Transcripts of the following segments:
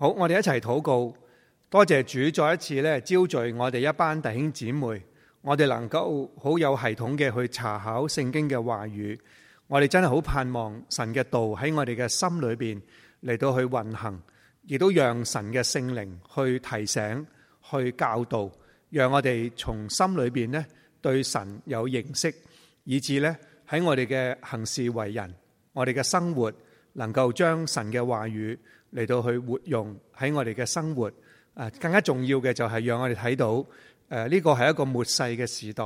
好，我哋一齊禱告。多謝主再一次呢招聚我哋一班弟兄姊妹，我哋能夠好有系統嘅去查考聖經嘅話語。我哋真係好盼望神嘅道喺我哋嘅心裏邊嚟到去運行，亦都讓神嘅聖靈去提醒、去教導，讓我哋從心裏邊呢對神有認識，以至呢喺我哋嘅行事為人、我哋嘅生活，能夠將神嘅話語。嚟到去活用喺我哋嘅生活，更加重要嘅就係讓我哋睇到，誒，呢個係一個末世嘅時代，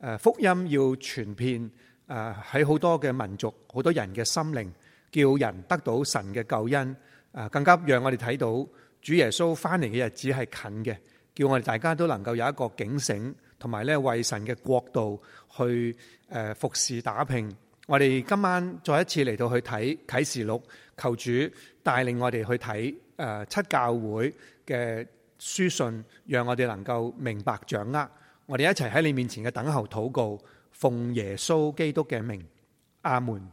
誒，福音要傳遍，誒，喺好多嘅民族、好多人嘅心靈，叫人得到神嘅救恩，誒，更加讓我哋睇到主耶穌翻嚟嘅日子係近嘅，叫我哋大家都能夠有一個警醒，同埋咧為神嘅國度去誒，服侍打拼。我哋今晚再一次嚟到去睇啟示錄。求主帶領我哋去睇，誒七教會嘅書信，讓我哋能夠明白掌握。我哋一齊喺你面前嘅等候禱告，奉耶穌基督嘅名，阿門。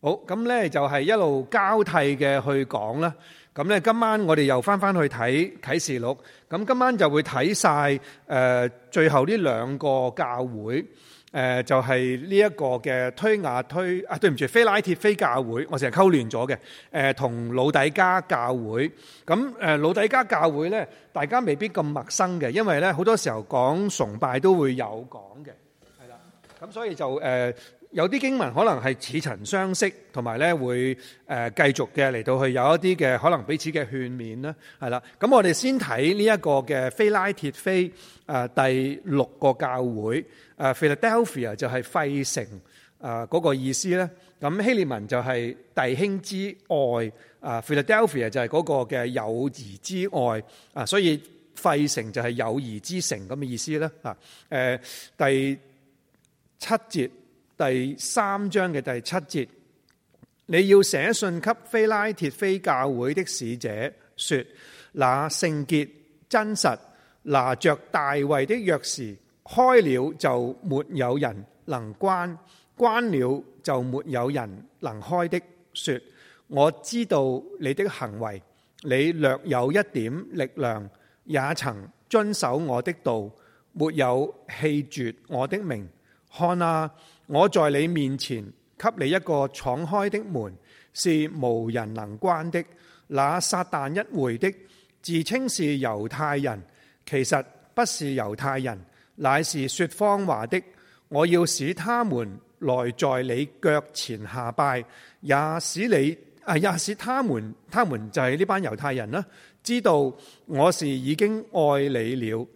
好，咁呢，就係一路交替嘅去講啦。咁呢，今晚我哋又翻翻去睇啟示錄，咁今晚就會睇晒誒最後呢兩個教會。誒就係呢一個嘅推雅推喇，對唔住，非拉鐵非教會，我成日溝亂咗嘅。誒同老底嘉教會，咁誒老底嘉教會咧，大家未必咁陌生嘅，因為咧好多時候講崇拜都會有講嘅，係啦，咁所以就誒。有啲經文可能係似曾相識，同埋咧會誒繼續嘅嚟到去有一啲嘅可能彼此嘅勸勉啦，係啦。咁我哋先睇呢一個嘅非拉鐵非第六個教會 Philadelphia、啊、就係費城嗰、啊那個意思咧。咁希臘文就係弟兄之愛 Philadelphia、啊、就係嗰個嘅友誼之愛啊，所以費城就係友誼之城咁嘅、那個、意思啦、啊啊。第七節。第三章嘅第七節，你要寫信給腓拉鐵非教會的使者，說：那聖潔真實，拿着大衛的鑰匙，開了就沒有人能關，關了就沒有人能開的。說我知道你的行為，你略有一點力量，也曾遵守我的道，沒有棄絕我的名。看啊！我在你面前給你一個敞開的門，是無人能關的。那撒旦一回的自稱是猶太人，其實不是猶太人，乃是說謊話的。我要使他們來在你腳前下拜，也使你啊，也使他們，他們就係呢班猶太人啦，知道我是已經愛你了。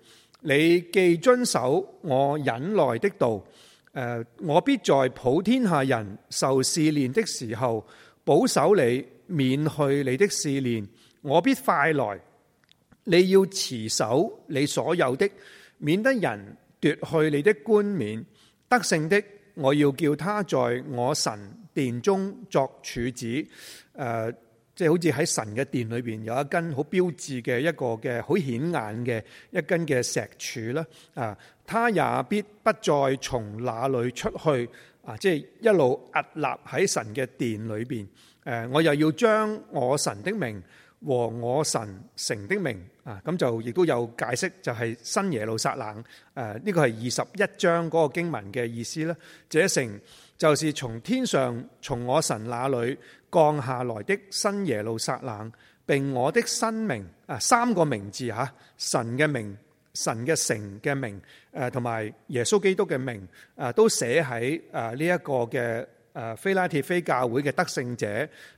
你既遵守我忍耐的道。誒，我必在普天下人受試煉的時候，保守你，免去你的試煉。我必快來，你要持守你所有的，免得人奪去你的冠冕。得勝的，我要叫他在我神殿中作柱子。誒、呃、即、就、係、是、好似喺神嘅殿裏邊有一根好標誌嘅一個嘅好顯眼嘅一根嘅石柱啦，啊、呃。他也必不再從那裏出去，啊！即係一路屹立喺神嘅殿裏邊。誒，我又要將我神的名和我神城的名，啊！咁就亦都有解釋，就係新耶路撒冷。誒，呢個係二十一章嗰個經文嘅意思咧。這城就是從天上、從我神那裏降下來的新耶路撒冷，並我的新名。啊，三個名字嚇，神嘅名。神嘅城嘅名，誒同埋耶穌基督嘅名，誒都寫喺誒呢一個嘅誒非拉鐵非教會嘅得勝者，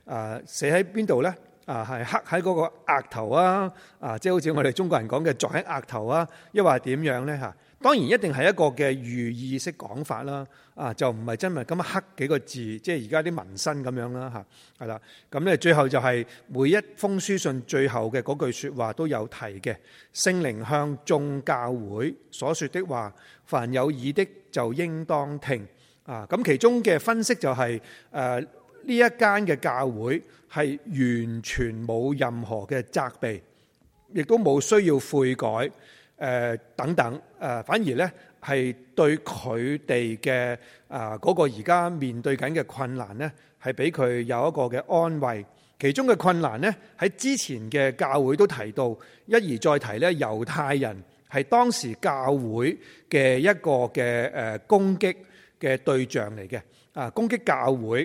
誒寫喺邊度咧？誒係刻喺嗰個額頭啊！啊，即係好似我哋中國人講嘅撞喺額頭啊！抑或係點樣咧？嚇？當然一定係一個嘅寓意式講法啦，啊就唔係真係咁刻幾個字，即係而家啲紋身咁樣啦嚇，係啦。咁咧最後就係每一封書信最後嘅嗰句說話都有提嘅，聖靈向眾教會所說的話，凡有耳的就應當聽。啊，咁其中嘅分析就係誒呢一間嘅教會係完全冇任何嘅責備，亦都冇需要悔改。誒、呃、等等，誒、呃、反而呢，係對佢哋嘅啊嗰個而家面對緊嘅困難呢，係俾佢有一個嘅安慰。其中嘅困難呢，喺之前嘅教會都提到，一而再提呢，猶太人係當時教會嘅一個嘅誒、呃、攻擊嘅對象嚟嘅啊，攻擊教會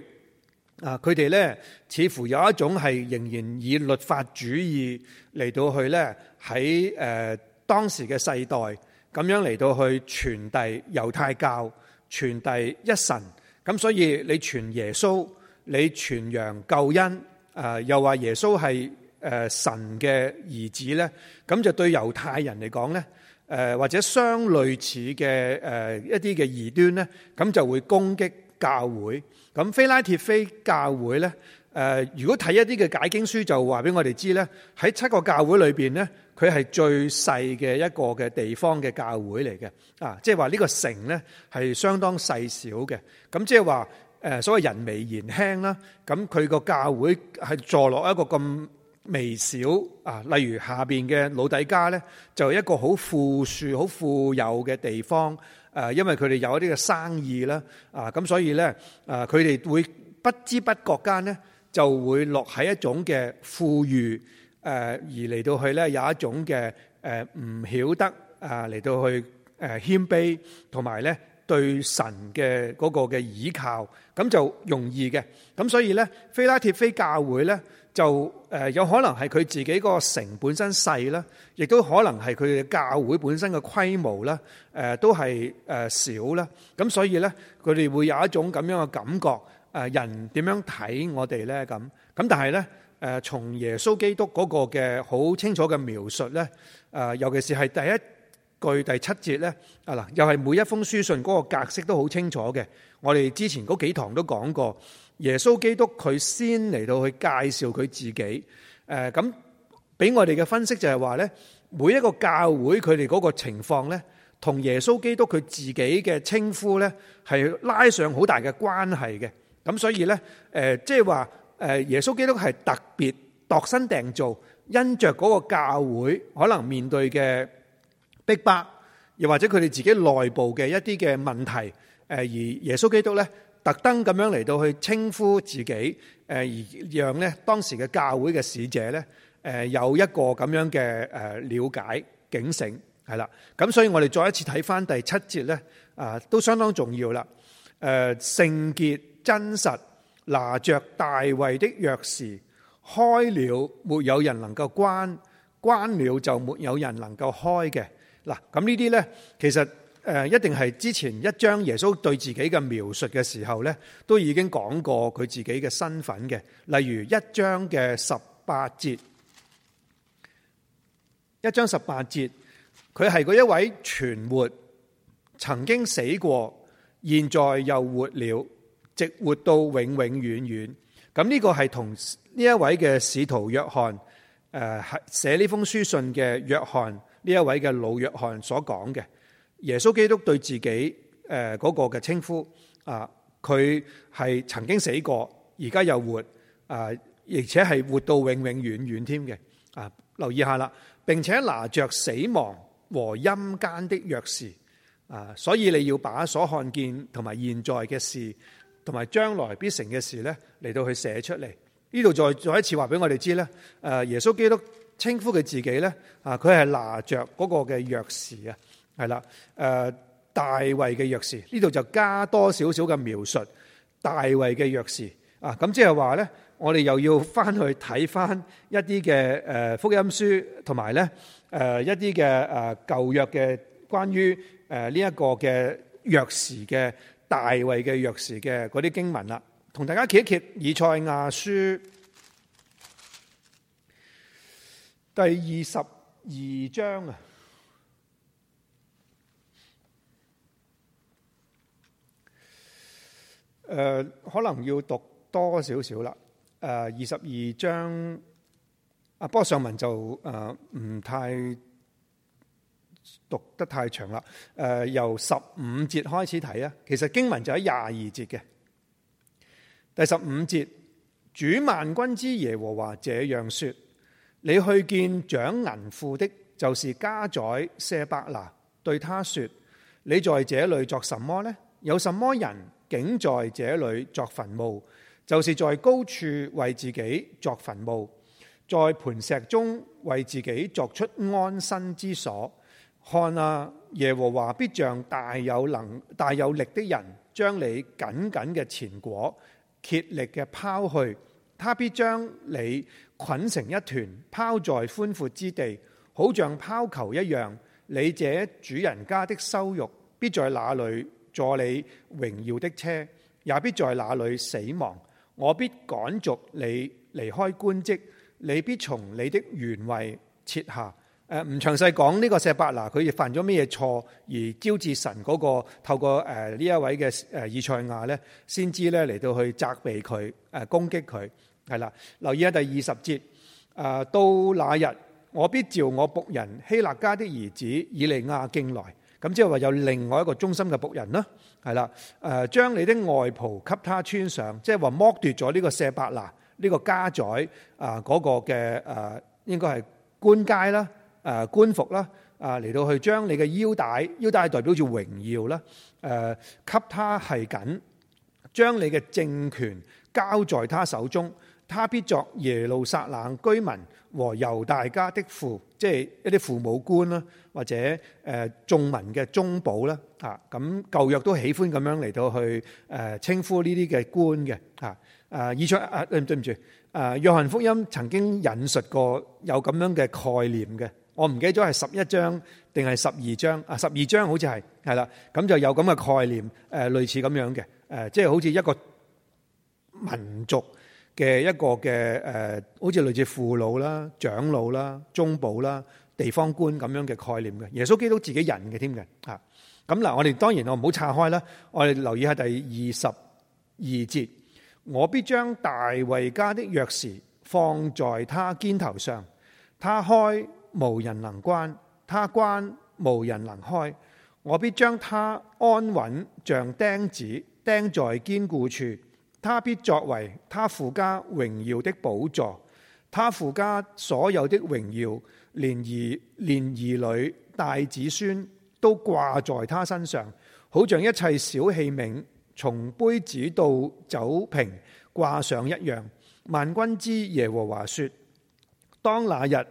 啊，佢、呃、哋呢，似乎有一種係仍然以律法主義嚟到去呢，喺誒。呃當時嘅世代咁樣嚟到去傳遞猶太教、傳遞一神，咁所以你傳耶穌、你傳揚救恩，啊又話耶穌係誒神嘅兒子咧，咁就對猶太人嚟講咧，誒或者相類似嘅誒一啲嘅異端咧，咁就會攻擊教會，咁非拉鐵非教會咧。誒，如果睇一啲嘅解經書就告訴，就話俾我哋知咧，喺七個教會裏邊咧，佢係最細嘅一個嘅地方嘅教會嚟嘅。啊，即係話呢個城咧係相當細小嘅。咁即係話誒，所謂人微言輕啦。咁佢個教會係坐落一個咁微小啊，例如下邊嘅老底嘉咧，就是一個好富庶、好富有嘅地方。誒，因為佢哋有一啲嘅生意啦，啊，咁所以咧，啊，佢哋會不知不覺間咧。就會落喺一種嘅富裕，誒，而嚟到去咧有一種嘅誒，唔曉得啊，嚟到去誒，謙卑，同埋咧對神嘅嗰個嘅倚靠，咁就容易嘅。咁所以咧，非拉鐵非教會咧，就誒，有可能係佢自己嗰個城本身細啦，亦都可能係佢嘅教會本身嘅規模啦，誒，都係誒少啦。咁所以咧，佢哋會有一種咁樣嘅感覺。誒人點樣睇我哋呢？咁咁，但係呢，誒，從耶穌基督嗰個嘅好清楚嘅描述呢，誒，尤其是係第一句第七節呢，啊嗱，又係每一封書信嗰個格式都好清楚嘅。我哋之前嗰幾堂都講過，耶穌基督佢先嚟到去介紹佢自己，誒咁俾我哋嘅分析就係話呢，每一個教會佢哋嗰個情況呢，同耶穌基督佢自己嘅稱呼呢，係拉上好大嘅關係嘅。咁所以咧，誒即係話，誒耶穌基督係特別度身訂造，因着嗰個教會可能面對嘅逼迫，迫，又或者佢哋自己內部嘅一啲嘅問題，誒而耶穌基督咧特登咁樣嚟到去稱呼自己，誒而讓咧當時嘅教會嘅使者咧，誒有一個咁樣嘅誒了解警醒，係啦。咁所以我哋再一次睇返第七節咧，啊都相當重要啦，誒、啊、聖潔。真實拿着大衛的鑰匙，開了沒有人能夠關，關了就沒有人能夠開嘅。嗱，咁呢啲呢，其實誒，一定係之前一章耶穌對自己嘅描述嘅時候呢，都已經講過佢自己嘅身份嘅，例如一章嘅十八節，一章十八節佢係個一位存活，曾經死過，現在又活了。直活到永永遠遠，咁呢個係同呢一位嘅使徒約翰，誒寫呢封書信嘅約翰呢一位嘅老約翰所講嘅，耶穌基督對自己誒嗰個嘅稱呼啊，佢係曾經死過，而家又活，啊，而且係活到永永遠遠添嘅，啊，留意下啦，並且拿着死亡和陰間的鑰匙，啊，所以你要把所看見同埋現在嘅事。同埋將來必成嘅事咧，嚟到去寫出嚟。呢度再再一次話俾我哋知咧，誒，耶穌基督稱呼佢自己咧，啊，佢係拿着嗰個嘅鑰匙啊，係啦，誒、呃，大衛嘅鑰匙，呢度就加多少少嘅描述，大衛嘅鑰匙啊，咁即係話咧，我哋又要翻去睇翻一啲嘅誒福音書，同埋咧，誒一啲嘅誒舊約嘅關於誒呢一個嘅鑰匙嘅。大衛嘅鑰匙嘅嗰啲經文啦，同大家揭一揭以賽亞書第二十二章啊，誒、呃，可能要讀多少少啦，誒、呃，二十二章，阿、啊、不過上文就誒唔、呃、太。讀得太長啦！誒、呃，由十五節開始睇啊。其實經文就喺廿二節嘅。第十五節，主萬軍之耶和華這樣説：你去見掌銀庫的，就是家宰舍伯那，對他説：你在這裏作什麼呢？有什麼人竟在這裏作墳墓？就是在高處為自己作墳墓，在磐石中為自己作出安身之所。看啊，耶和華必像大有能、大有力的人，將你緊緊嘅前果竭力嘅拋去；他必將你捆成一團，拋在寬闊之地，好像拋球一樣。你這主人家的羞辱必在那裏坐你榮耀的車，也必在那裏死亡。我必趕逐你離開官職，你必從你的原位撤下。誒，唔詳細講呢個舍伯那佢亦犯咗咩嘢錯而招致神嗰、那個透過誒呢一位嘅誒以賽亞咧，先知咧嚟到去責備佢誒攻擊佢係啦。留意下第二十節，誒到那日我必召我僕人希勒家的兒子以利亞敬來，咁即係話有另外一個忠心嘅僕人啦，係啦誒將你的外袍給他穿上，即係話剝奪咗呢個舍伯那呢、這個家宰啊嗰、那個嘅誒應該係官階啦。誒、呃、官服啦，誒、呃、嚟到去將你嘅腰帶，腰帶代表住榮耀啦。誒、呃，給他繫緊，將你嘅政權交在他手中，他必作耶路撒冷居民和猶大家的父，即係一啲父母官啦，或者誒眾、呃、民嘅中保啦。嚇、啊，咁舊約都喜歡咁樣嚟到去誒稱呼呢啲嘅官嘅。嚇，誒，以出啊，對唔對唔住？誒、呃，約翰福音曾經引述過有咁樣嘅概念嘅。我唔記得咗係十一章定係十二章啊？十二章好似係係啦，咁就有咁嘅概念，誒、呃、類似咁樣嘅誒、呃，即係好似一個民族嘅一個嘅誒、呃，好似類似父老啦、長老啦、中保啦、地方官咁樣嘅概念嘅。耶穌基督自己人嘅添嘅啊，咁、嗯、嗱，我、嗯、哋當然我唔好拆開啦，我哋留意下第二十二節，我必將大衞家的鑰匙放在他肩頭上，他開。無人能關，他關無人能開。我必將他安穩像，像釘子釘在堅固處。他必作為他父家榮耀的寶座，他父家所有的榮耀，連兒連兒女、帶子孫都掛在他身上，好像一切小器皿，從杯子到酒瓶掛上一樣。萬軍之耶和華說：當那日。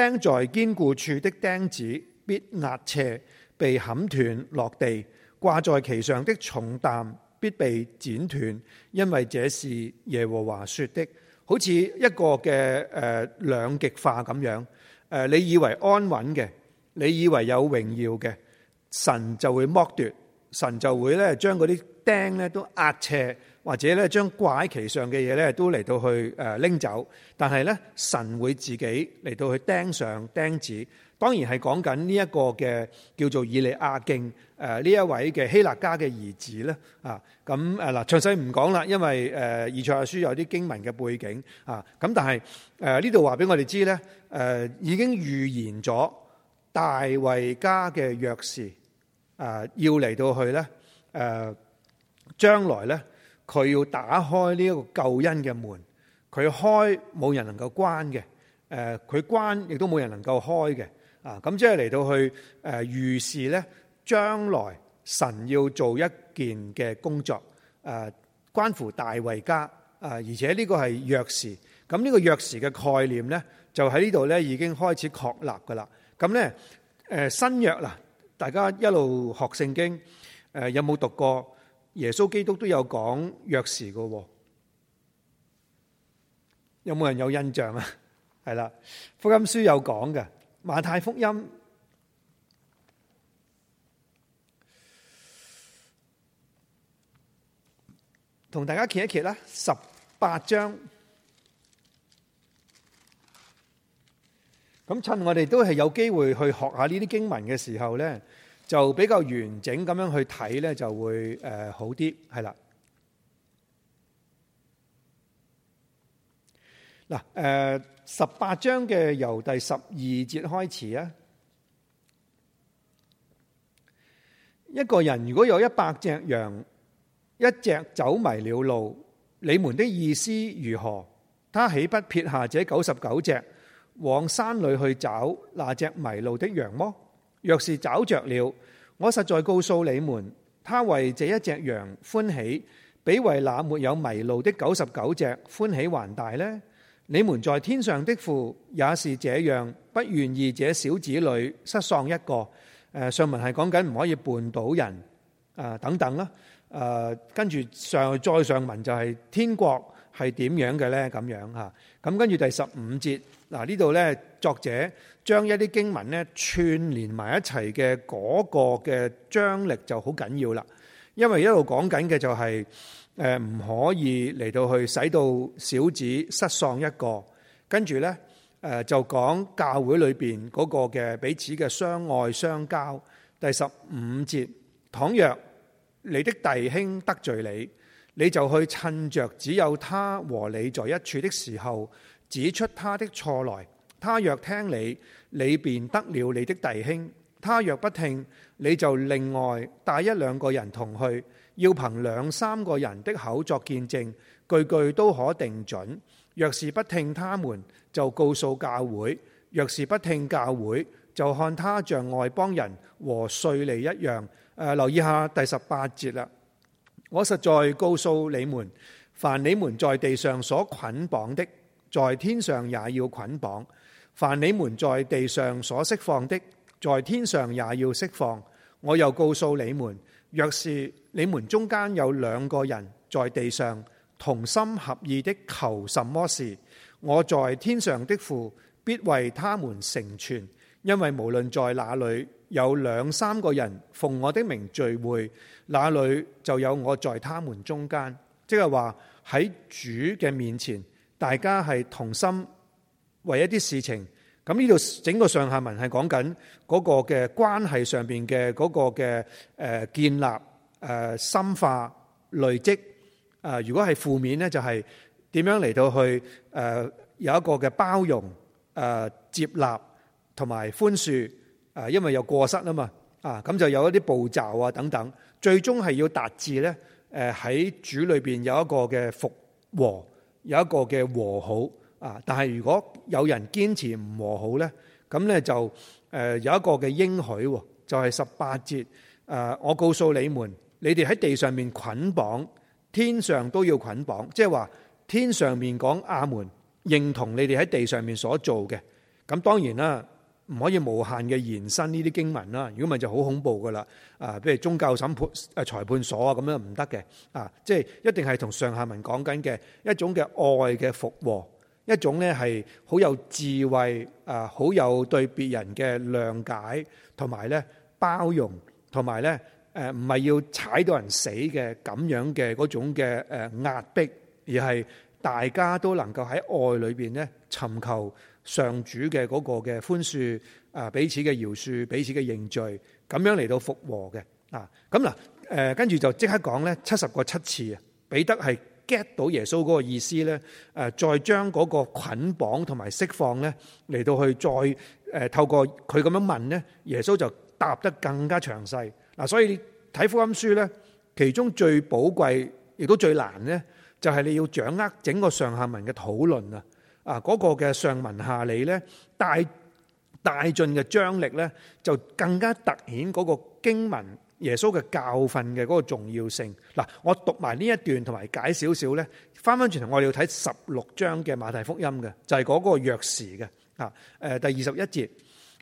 釘在堅固處的釘子必壓斜，被砍斷落地；掛在其上的重擔必被剪斷，因為這是耶和華說的。好似一個嘅誒、呃、兩極化咁樣誒、呃，你以為安穩嘅，你以為有榮耀嘅，神就會剝奪，神就會咧將嗰啲釘咧都壓斜。或者咧，將掛喺其上嘅嘢，咧都嚟，到去誒拎走。但係咧，神會自己嚟到去釘上釘子。當然係講緊呢一個嘅叫做以利亞敬誒呢一位嘅希臘家嘅兒子咧啊。咁誒嗱，詳細唔講啦，因為誒、啊、以賽亞書有啲經文嘅背景啊。咁但係誒呢度話俾我哋知咧，誒、啊、已經預言咗大衛家嘅鑰匙、啊、要嚟到去咧誒將來咧。佢要打開呢一個救恩嘅門，佢開冇人能夠關嘅，誒佢關亦都冇人能夠開嘅，啊咁即係嚟到去誒預示咧將來神要做一件嘅工作，誒關乎大衛家，啊而且呢個係約時，咁呢個約時嘅概念咧就喺呢度咧已經開始確立噶啦，咁咧誒新約啦，大家一路學聖經，誒有冇讀過？耶穌基督都有講約時嘅，有冇人有印象啊？係啦，福音書有講嘅，馬太福音同大家揭一揭啦，十八章。咁趁我哋都係有機會去學下呢啲經文嘅時候咧。就比較完整咁樣去睇呢，就會誒好啲，係啦。嗱，十八章嘅由第十二節開始啊。一個人如果有一百隻羊，一隻走迷了路，你們的意思如何？他豈不撇下這九十九隻，往山裏去找那隻迷路的羊麼？若是找着了，我實在告訴你們，他為這一隻羊歡喜，比為那沒有迷路的九十九隻歡喜還大呢。你們在天上的父也是這樣，不願意這小子女失喪一個。誒、呃，上文係講緊唔可以絆倒人、呃、等等啦，誒、呃，跟住上再上文就係、是、天國係點樣嘅咧，咁樣吓，咁、啊、跟住第十五節。嗱呢度呢，作者將一啲經文咧串連埋一齊嘅嗰個嘅張力就好緊要啦，因為一路講緊嘅就係誒唔可以嚟到去使到小子失喪一個，跟住呢，誒、呃、就講教會裏邊嗰個嘅彼此嘅相愛相交。第十五節，倘若你的弟兄得罪你，你就去趁着只有他和你在一處的時候。指出他的錯來，他若聽你，你便得了你的弟兄；他若不聽，你就另外帶一兩個人同去，要憑兩三個人的口作見證，句句都可定準。若是不聽他們，就告訴教會；若是不聽教會，就看他像外邦人和稅吏一樣。誒、呃，留意下第十八節啦。我實在告訴你們，凡你們在地上所捆綁的。在天上也要捆綁，凡你們在地上所釋放的，在天上也要釋放。我又告訴你們，若是你們中間有兩個人在地上同心合意的求什麼事，我在天上的父必為他們成全，因為無論在哪裏有兩三個人奉我的名聚會，那裏就有我在他們中間。即係話喺主嘅面前。大家係同心為一啲事情，咁呢度整個上下文係講緊嗰個嘅關係上邊嘅嗰個嘅誒、呃、建立、誒、呃、深化、累積。誒、呃、如果係負面咧，就係、是、點樣嚟到去誒、呃、有一個嘅包容、誒、呃、接納同埋寬恕。誒、呃、因為有過失啊嘛，啊咁就有一啲步驟啊等等，最終係要達至咧誒喺主裏邊有一個嘅復和。有一個嘅和好啊，但係如果有人堅持唔和好呢，咁呢就誒有一個嘅應許喎，就係十八節誒，我告訴你們，你哋喺地上面捆綁，天上都要捆綁，即係話天上面講阿門，認同你哋喺地上面所做嘅，咁當然啦。唔可以無限嘅延伸呢啲經文啦，如果唔係就好恐怖噶啦。啊，譬如宗教審判誒裁判所啊，咁樣唔得嘅。啊，即係一定係同上下文講緊嘅一種嘅愛嘅復和，一種咧係好有智慧啊，好有對別人嘅諒解同埋咧包容，同埋咧誒唔係要踩到人死嘅咁樣嘅嗰種嘅誒壓迫，而係大家都能夠喺愛裏邊咧尋求。上主嘅嗰個嘅寬恕啊，彼此嘅饒恕，彼此嘅認罪，咁樣嚟到復和嘅啊，咁嗱誒，跟住就即刻講咧七十個七次啊，彼得係 get 到耶穌嗰個意思咧，誒再將嗰個捆綁同埋釋放咧嚟到去再誒透過佢咁樣問咧，耶穌就答得更加詳細嗱，所以睇福音書咧，其中最寶貴亦都最難咧，就係你要掌握整個上下文嘅討論啊。啊！嗰個嘅上文下理呢，帶帶進嘅張力呢，就更加突顯嗰個經文耶穌嘅教訓嘅嗰個重要性。嗱，我讀埋呢一段同埋解少少呢，翻返轉頭我哋要睇十六章嘅馬太福音嘅，就係嗰個約時嘅啊。誒第二十一節，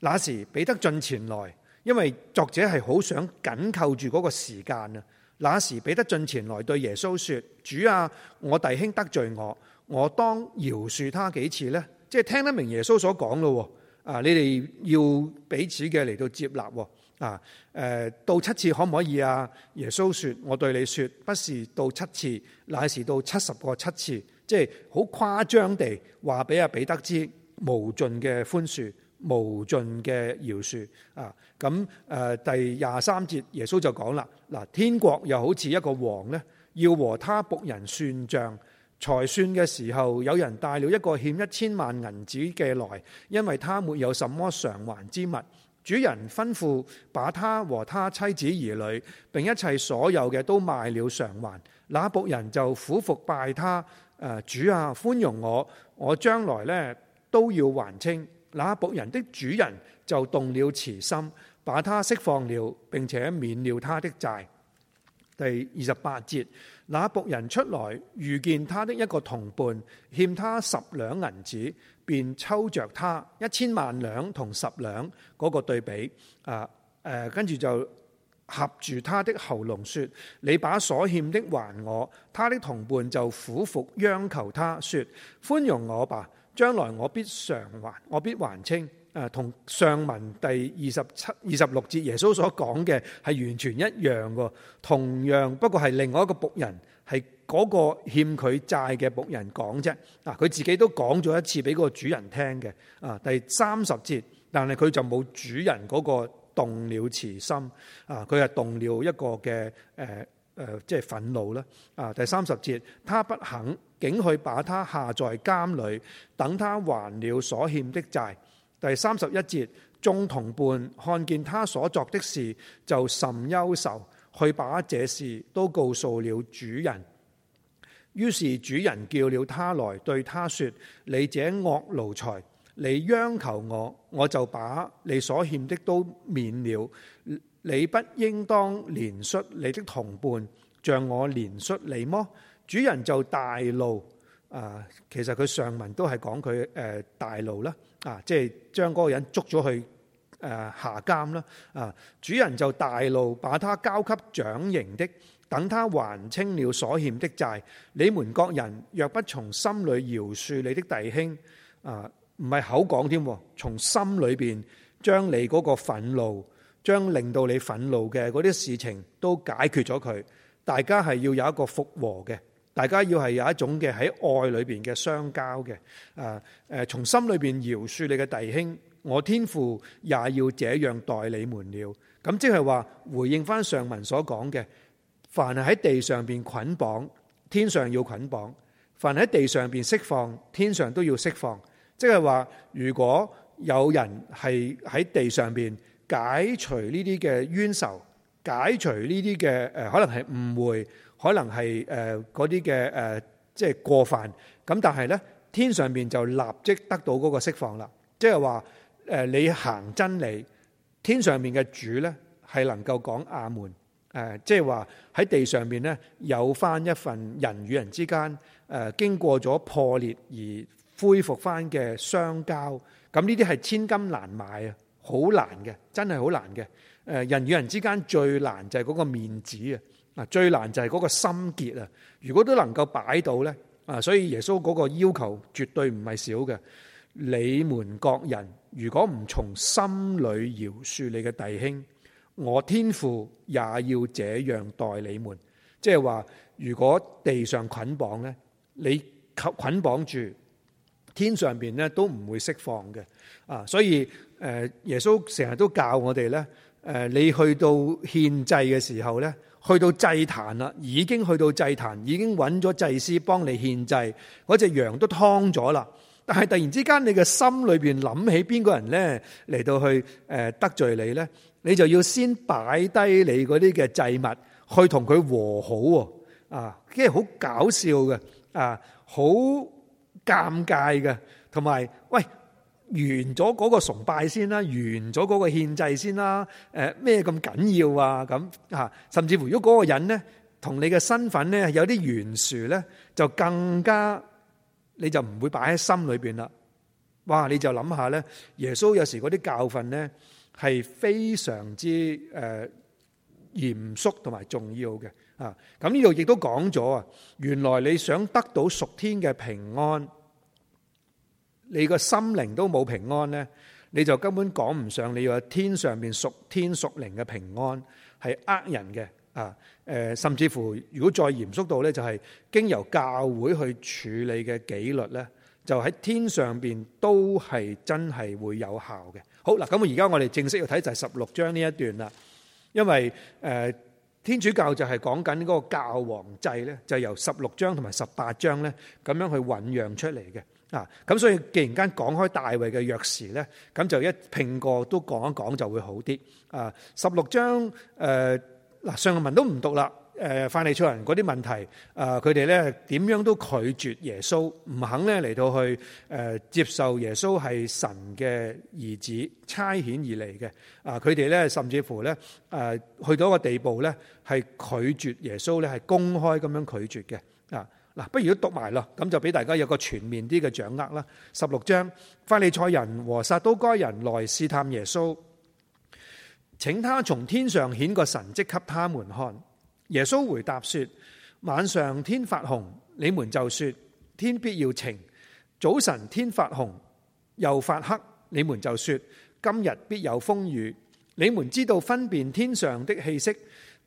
那時彼得進前來，因為作者係好想緊扣住嗰個時間啊。那時彼得進前來對耶穌說：主啊，我弟兄得罪我。我當饒恕他幾次呢？即係聽得明耶穌所講咯，啊，你哋要彼此嘅嚟到接納，啊，誒，到七次可唔可以啊？耶穌說，我對你說，不是到七次，乃是到七十個七次，即係好誇張地話俾阿彼得知無盡嘅寬恕、無盡嘅饒恕啊！咁誒，第廿三節耶穌就講啦，嗱，天國又好似一個王呢，要和他僕人算賬。才算嘅時候，有人帶了一個欠一千萬銀子嘅來，因為他沒有什麼償還之物。主人吩咐把他和他妻子兒女並一切所有嘅都賣了償還。那僕人就俯伏拜他，呃，主啊，寬容我，我將來呢都要還清。那僕人的主人就動了慈心，把他釋放了，並且免了他的債。第二十八節，那僕人出來，遇見他的一個同伴，欠他十兩銀子，便抽着他，一千萬兩同十兩嗰個對比啊誒、呃，跟住就合住他的喉嚨說：你把所欠的還我。他的同伴就苦苦央求他說：寬容我吧，將來我必償還，我必還清。誒同上文第二十七、二十六節耶穌所講嘅係完全一樣喎，同樣，不過係另外一個僕人係嗰個欠佢債嘅僕人講啫。嗱、啊，佢自己都講咗一次俾個主人聽嘅。啊，第三十節，但係佢就冇主人嗰個動了慈心。啊，佢係動了一個嘅誒誒，即、呃、係、呃就是、憤怒啦。啊，第三十節，他不肯，竟去把他下在監裏，等他還了所欠的債。第三十一節，眾同伴看見他所作的事，就甚憂愁，去把這事都告訴了主人。於是主人叫了他來，對他說：你這惡奴才，你央求我，我就把你所欠的都免了。你不應當憐恤你的同伴，像我憐恤你麼？主人就大怒。啊，其實佢上文都係講佢誒大怒啦，啊，即係將嗰個人捉咗去誒下監啦。啊，主人就大怒，把他交給掌刑的，等他還清了所欠的債。你們各人若不從心裡饒恕你的弟兄，啊，唔係口講添，從心裡邊將你嗰個憤怒，將令到你憤怒嘅嗰啲事情都解決咗佢，大家係要有一個復和嘅。大家要係有一種嘅喺愛裏邊嘅相交嘅，啊誒，從心裏邊饒恕你嘅弟兄，我天父也要這樣待你們了。咁即係話回應翻上文所講嘅，凡係喺地上邊捆綁，天上要捆綁；凡係喺地上邊釋放，天上都要釋放。即係話，如果有人係喺地上邊解除呢啲嘅冤仇，解除呢啲嘅誒，可能係誤會。可能係誒嗰啲嘅誒，即係過犯。咁但係呢，天上面就立即得到嗰個釋放啦。即係話誒，你行真理，天上面嘅主呢係能夠講阿門誒、呃。即係話喺地上面呢，有翻一份人與人之間誒、呃，經過咗破裂而恢復翻嘅相交。咁呢啲係千金難買啊，好難嘅，真係好難嘅。誒、呃，人與人之間最難就係嗰個面子啊！啊，最難就係嗰個心結啊！如果都能夠擺到呢，啊，所以耶穌嗰個要求絕對唔係少嘅。你們各人如果唔從心裏饒恕你嘅弟兄，我天父也要這樣待你們。即係話，如果地上捆綁呢，你及捆綁住天上面呢都唔會釋放嘅。啊，所以誒，耶穌成日都教我哋呢：「誒，你去到獻祭嘅時候呢。」去到祭壇啦，已經去到祭壇，已經揾咗祭司幫你獻祭，嗰隻羊都劏咗啦。但係突然之間，你嘅心裏邊諗起邊個人咧，嚟到去誒得罪你咧，你就要先擺低你嗰啲嘅祭物去同佢和好喎。啊，即係好搞笑嘅，啊，好尷尬嘅，同埋。完咗嗰個崇拜先啦，完咗嗰個獻祭先啦，誒咩咁緊要啊？咁甚至乎如果嗰個人咧，同你嘅身份咧有啲懸殊咧，就更加你就唔會擺喺心裏邊啦。哇！你就諗下咧，耶穌有時嗰啲教訓咧係非常之誒嚴肅同埋重要嘅啊！咁呢度亦都講咗啊，原來你想得到屬天嘅平安，你個心靈都冇平安咧，你就根本講唔上你要喺天上邊屬天屬靈嘅平安，係呃人嘅啊！誒，甚至乎如果再嚴肅到咧，就係經由教會去處理嘅紀律咧，就喺天上邊都係真係會有效嘅。好啦，咁而家我哋正式要睇就係十六章呢一段啦，因為誒天主教就係講緊嗰個教皇制咧，就由十六章同埋十八章咧咁樣去醖釀出嚟嘅。啊！咁所以，既然間講開大衛嘅約時咧，咁就一拼過都講一講就會好啲。啊，十六章誒嗱、呃，上文都唔讀啦。誒、呃，法利賽人嗰啲問題啊，佢哋咧點樣都拒絕耶穌，唔肯咧嚟到去誒、呃、接受耶穌係神嘅兒子差遣而嚟嘅。啊，佢哋咧甚至乎咧誒、呃、去到一個地步咧，係拒絕耶穌咧，係公開咁樣拒絕嘅。啊！嗱，不如都讀埋咯，咁就俾大家有個全面啲嘅掌握啦。十六章，法利賽人和撒都該人來試探耶穌，請他從天上顯個神跡給他們看。耶穌回答說：晚上天發紅，你們就說天必要晴；早晨天發紅又發黑，你們就說今日必有風雨。你們知道分辨天上的氣息，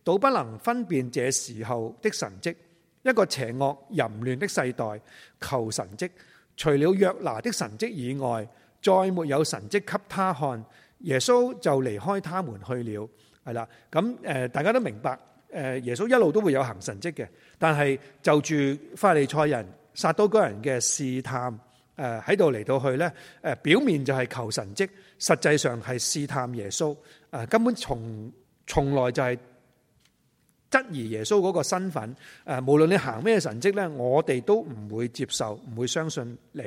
倒不能分辨這時候的神跡。一個邪惡淫亂的世代求神蹟，除了約拿的神蹟以外，再沒有神蹟給他看。耶穌就離開他們去了，係啦。咁誒，大家都明白，誒，耶穌一路都會有行神蹟嘅，但係就住法利賽人、撒都該人嘅試探，誒喺度嚟到去誒、呃、表面就係求神蹟，實際上係試探耶穌，誒、呃、根本從從來就係、是。質疑耶穌嗰個身份，誒，無論你行咩神蹟咧，我哋都唔會接受，唔會相信你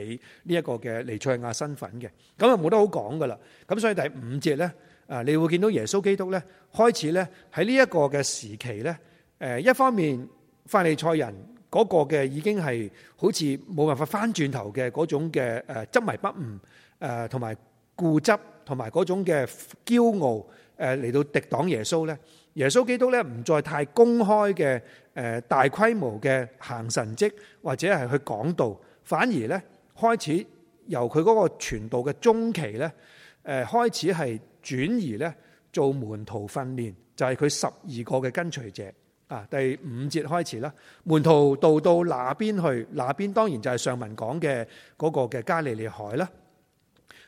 呢一個嘅彌賽亞身份嘅，咁啊冇得好講噶啦。咁所以第五節咧，誒，你會見到耶穌基督咧，開始咧喺呢一個嘅時期咧，誒，一方面法利賽人嗰個嘅已經係好似冇辦法翻轉頭嘅嗰種嘅誒執迷不悟，誒，同埋固執，同埋嗰種嘅驕傲，誒嚟到抵擋耶穌咧。耶穌基督咧唔再太公開嘅，誒大規模嘅行神蹟或者係去講道，反而咧開始由佢嗰個傳道嘅中期咧，誒開始係轉移咧做門徒訓練，就係佢十二個嘅跟隨者啊，第五節開始啦。門徒渡到哪邊去？哪邊當然就係上文講嘅嗰個嘅加利利海啦。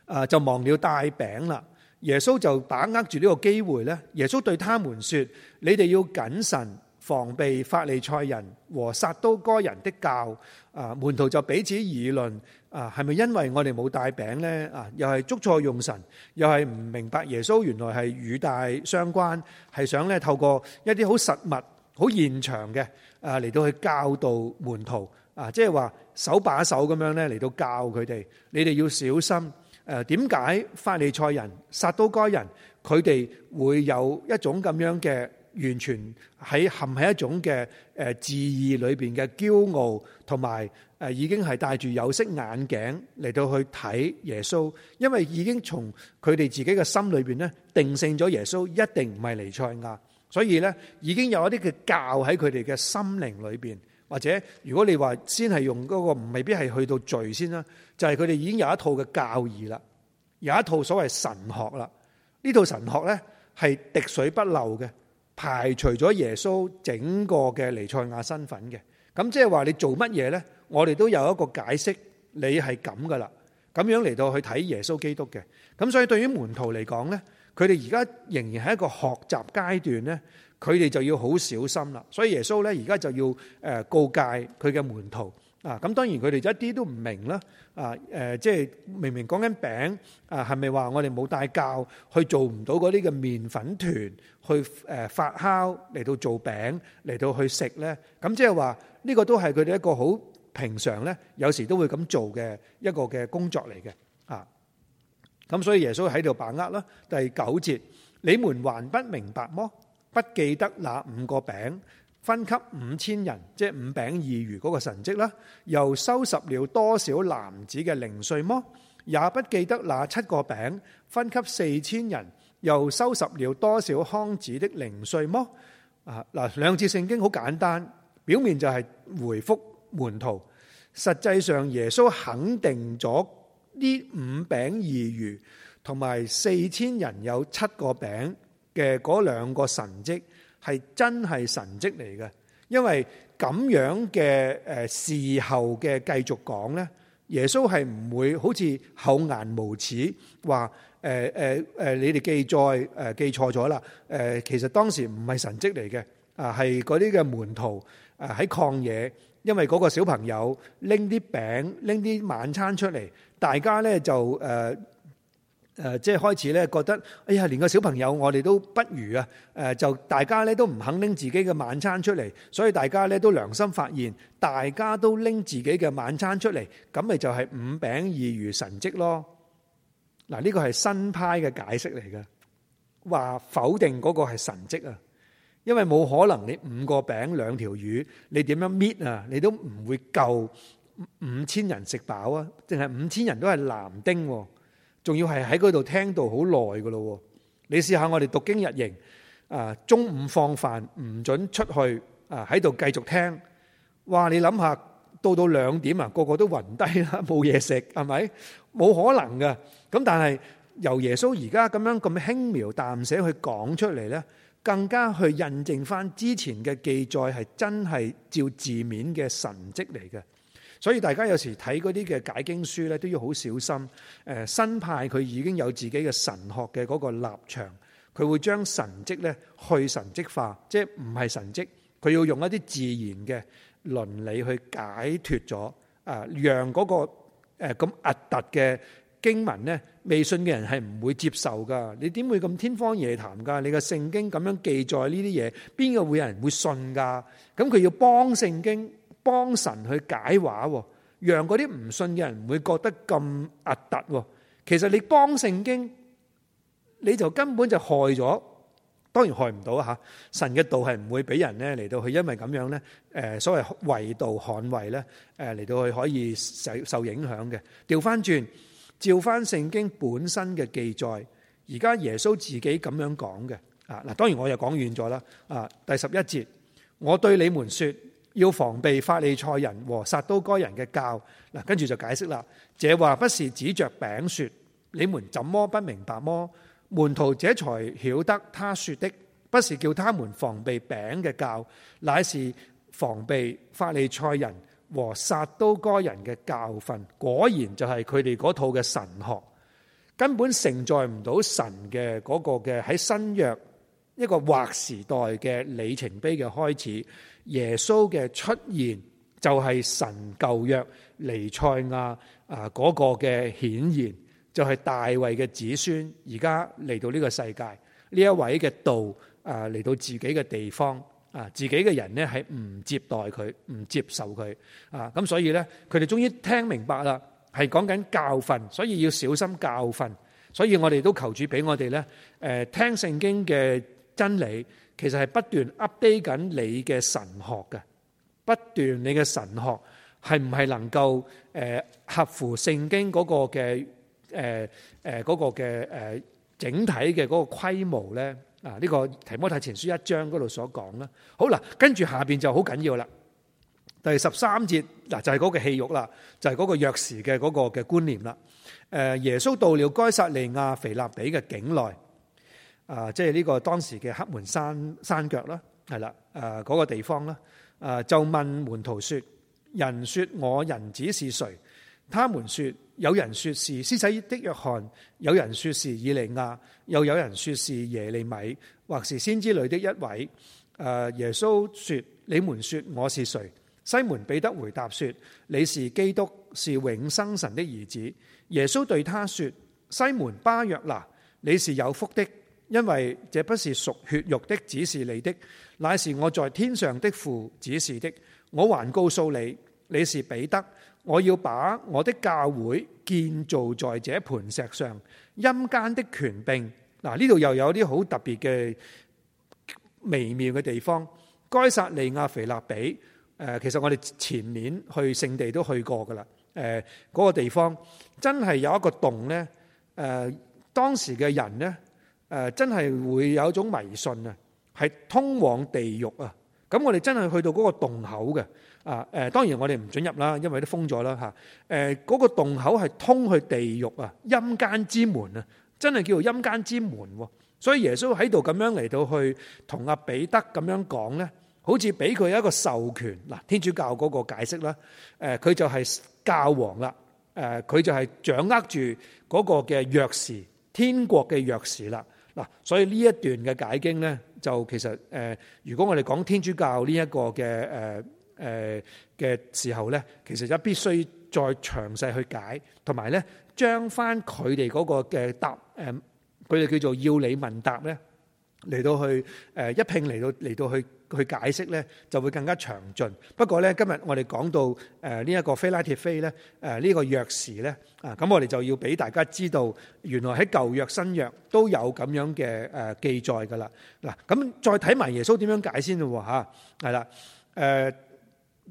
誒，就忘了帶餅啦。耶穌就把握住呢個機會咧，耶穌對他們說：你哋要謹慎防備法利賽人和撒都該人的教。啊，門徒就彼此議論：啊，係咪因為我哋冇帶餅呢？啊，又係捉錯用神，又係唔明白耶穌原來係語帶相關，係想咧透過一啲好實物、好現場嘅啊嚟到去教導門徒。啊，即係話手把手咁樣咧嚟到教佢哋，你哋要小心。誒，點解法利賽人、撒都該人佢哋會有一種咁樣嘅完全喺陷喺一種嘅誒自意裏邊嘅驕傲，同埋誒已經係戴住有色眼鏡嚟到去睇耶穌，因為已經從佢哋自己嘅心裏邊咧定性咗耶穌一定唔係彌賽亞，所以咧已經有一啲嘅教喺佢哋嘅心靈裏邊。或者如果你話先係用嗰個未必係去到罪先啦，就係佢哋已經有一套嘅教義啦，有一套所謂神學啦。呢套神學咧係滴水不漏嘅，排除咗耶穌整個嘅尼賽亞身份嘅。咁即係話你做乜嘢咧？我哋都有一個解釋，你係咁噶啦。咁樣嚟到去睇耶穌基督嘅。咁所以對於門徒嚟講咧，佢哋而家仍然係一個學習階段咧。佢哋就要好小心啦，所以耶穌咧而家就要誒告誡佢嘅門徒啊！咁當然佢哋一啲都唔明啦啊誒，即係明明講緊餅啊，係咪話我哋冇帶酵去做唔到嗰啲嘅麵粉團去誒發酵嚟到做餅嚟到去食咧？咁即係話呢個都係佢哋一個好平常咧，有時都會咁做嘅一個嘅工作嚟嘅啊！咁所以耶穌喺度把握啦，第九節，你們還不明白麼？不記得那五個餅分給五千人，即五餅二魚嗰個神蹟啦，又收拾了多少男子嘅零碎麼？也不記得那七個餅分給四千人，又收拾了多少康子的零碎麼？啊，嗱，兩節聖經好簡單，表面就係回覆門徒，實際上耶穌肯定咗呢五餅二魚同埋四千人有七個餅。嘅嗰兩個神蹟係真係神蹟嚟嘅，因為咁樣嘅誒事後嘅繼續講咧，耶穌係唔會好似厚顏無恥話誒誒誒，你哋記載誒記錯咗啦誒，其實當時唔係神蹟嚟嘅啊，係嗰啲嘅門徒啊喺曠野，因為嗰個小朋友拎啲餅拎啲晚餐出嚟，大家咧就誒。誒，即係開始咧，覺得哎呀，連個小朋友我哋都不如啊！誒、呃，就大家咧都唔肯拎自己嘅晚餐出嚟，所以大家咧都良心發現，大家都拎自己嘅晚餐出嚟，咁咪就係五餅二魚神跡咯。嗱，呢個係新派嘅解釋嚟嘅，話否定嗰個係神跡啊，因為冇可能你五個餅兩條魚，你點樣搣啊，你都唔會夠五千人食飽啊，淨係五千人都係男丁。仲要係喺嗰度聽到好耐噶咯，你試下我哋讀經日營，啊中午放飯唔准出去，啊喺度繼續聽。哇！你諗下到到兩點啊，個個都暈低啦，冇嘢食係咪？冇可能噶。咁但係由耶穌而家咁樣咁輕描淡寫去講出嚟咧，更加去印證返之前嘅記載係真係照字面嘅神跡嚟嘅。所以大家有時睇嗰啲嘅解經書咧，都要好小心。誒新派佢已經有自己嘅神學嘅嗰個立場，佢會將神蹟咧去神蹟化，即係唔係神蹟，佢要用一啲自然嘅倫理去解脫咗。啊，讓嗰個誒咁壓突嘅經文咧，未信嘅人係唔會接受噶。你點會咁天方夜譚㗎？你嘅聖經咁樣記載呢啲嘢，邊個會有人會信㗎？咁佢要幫聖經。幫神去解畫，讓嗰啲唔信嘅人唔會覺得咁核突。其實你幫聖經，你就根本就害咗。當然害唔到吓，神嘅道係唔會俾人咧嚟到去，因為咁樣咧，誒所謂衛道捍衛咧，誒嚟到去可以受受影響嘅。調翻轉，照翻聖經本身嘅記載，而家耶穌自己咁樣講嘅啊嗱，當然我又講遠咗啦啊，第十一節，我對你們說。要防備法利賽人和撒都該人嘅酵嗱，跟住就解釋啦。這話不是指着餅說，你們怎麼不明白麼？門徒這才曉得他說的不是叫他們防備餅嘅酵，乃是防備法利賽人和撒都該人嘅教訓。果然就係佢哋嗰套嘅神學，根本承載唔到神嘅嗰個嘅喺新約。一個劃時代嘅里程碑嘅開始，耶穌嘅出現就係神舊約彌賽亞啊嗰個嘅顯現，就係大衛嘅子孫而家嚟到呢個世界呢，一位嘅道啊，嚟到自己嘅地方啊，自己嘅人呢係唔接待佢，唔接受佢啊，咁所以呢，佢哋終於聽明白啦，係講緊教訓，所以要小心教訓，所以我哋都求主俾我哋呢，誒聽聖經嘅。真理其實係不斷 update 緊你嘅神學嘅，不斷你嘅神學係唔係能夠誒、呃、合乎聖經嗰個嘅誒誒個嘅誒整體嘅嗰個規模咧啊呢、呢個提摩太前書一章嗰度所講啦，好嗱，跟住下邊就好緊要啦，第十三節嗱就係嗰個戲肉啦，就係、是、嗰個約、就是、時嘅嗰個嘅觀念啦，誒耶穌到了該撒利亞腓立比嘅境內。啊！即係呢個當時嘅黑門山山腳啦，係啦，誒、呃、嗰、那個地方啦。誒、呃、就問門徒說：人說我人子是誰？他們說有人說是施洗的約翰，有人說是以利亞，又有人說是耶利米，或是先知裏的一位。誒、呃、耶穌說：你們說我是誰？西門彼得回答說：你是基督，是永生神的兒子。耶穌對他說：西門巴約拿，你是有福的。因為這不是屬血肉的指示你的，乃是我在天上的父指示的。我還告訴你，你是彼得，我要把我的教會建造在這磐石上。陰間的權柄嗱，呢度又有啲好特別嘅微妙嘅地方。該撒利亞腓立比，誒、呃，其實我哋前年去聖地都去過噶啦，誒、呃，嗰、那個地方真係有一個洞呢，誒、呃，當時嘅人呢。誒，真係會有一種迷信啊，係通往地獄啊！咁我哋真係去到嗰個洞口嘅啊！誒，當然我哋唔准入啦，因為都封咗啦吓。誒，嗰個洞口係通去地獄啊，陰間之門啊，真係叫做陰間之門。所以耶穌喺度咁樣嚟到去同阿彼得咁樣講咧，好似俾佢一個授權嗱，天主教嗰個解釋啦。誒，佢就係教皇啦，誒，佢就係掌握住嗰個嘅鑰匙，天國嘅鑰匙啦。嗱，所以呢一段嘅解經咧，就其實誒，如果我哋講天主教呢一個嘅誒誒嘅時候咧，其實就必須再詳細去解，同埋咧，將返佢哋嗰個嘅答誒，佢哋叫做要理問答咧。嚟到去誒一拼嚟到嚟到去去解釋咧，就會更加詳盡。不過咧、這個，今日我哋講到誒呢一個非拉鐵非咧，誒、這、呢個鑰匙咧啊，咁我哋就要俾大家知道，原來喺舊約新約都有咁樣嘅誒記載噶啦。嗱，咁再睇埋耶穌點樣解先啦喎嚇，係啦誒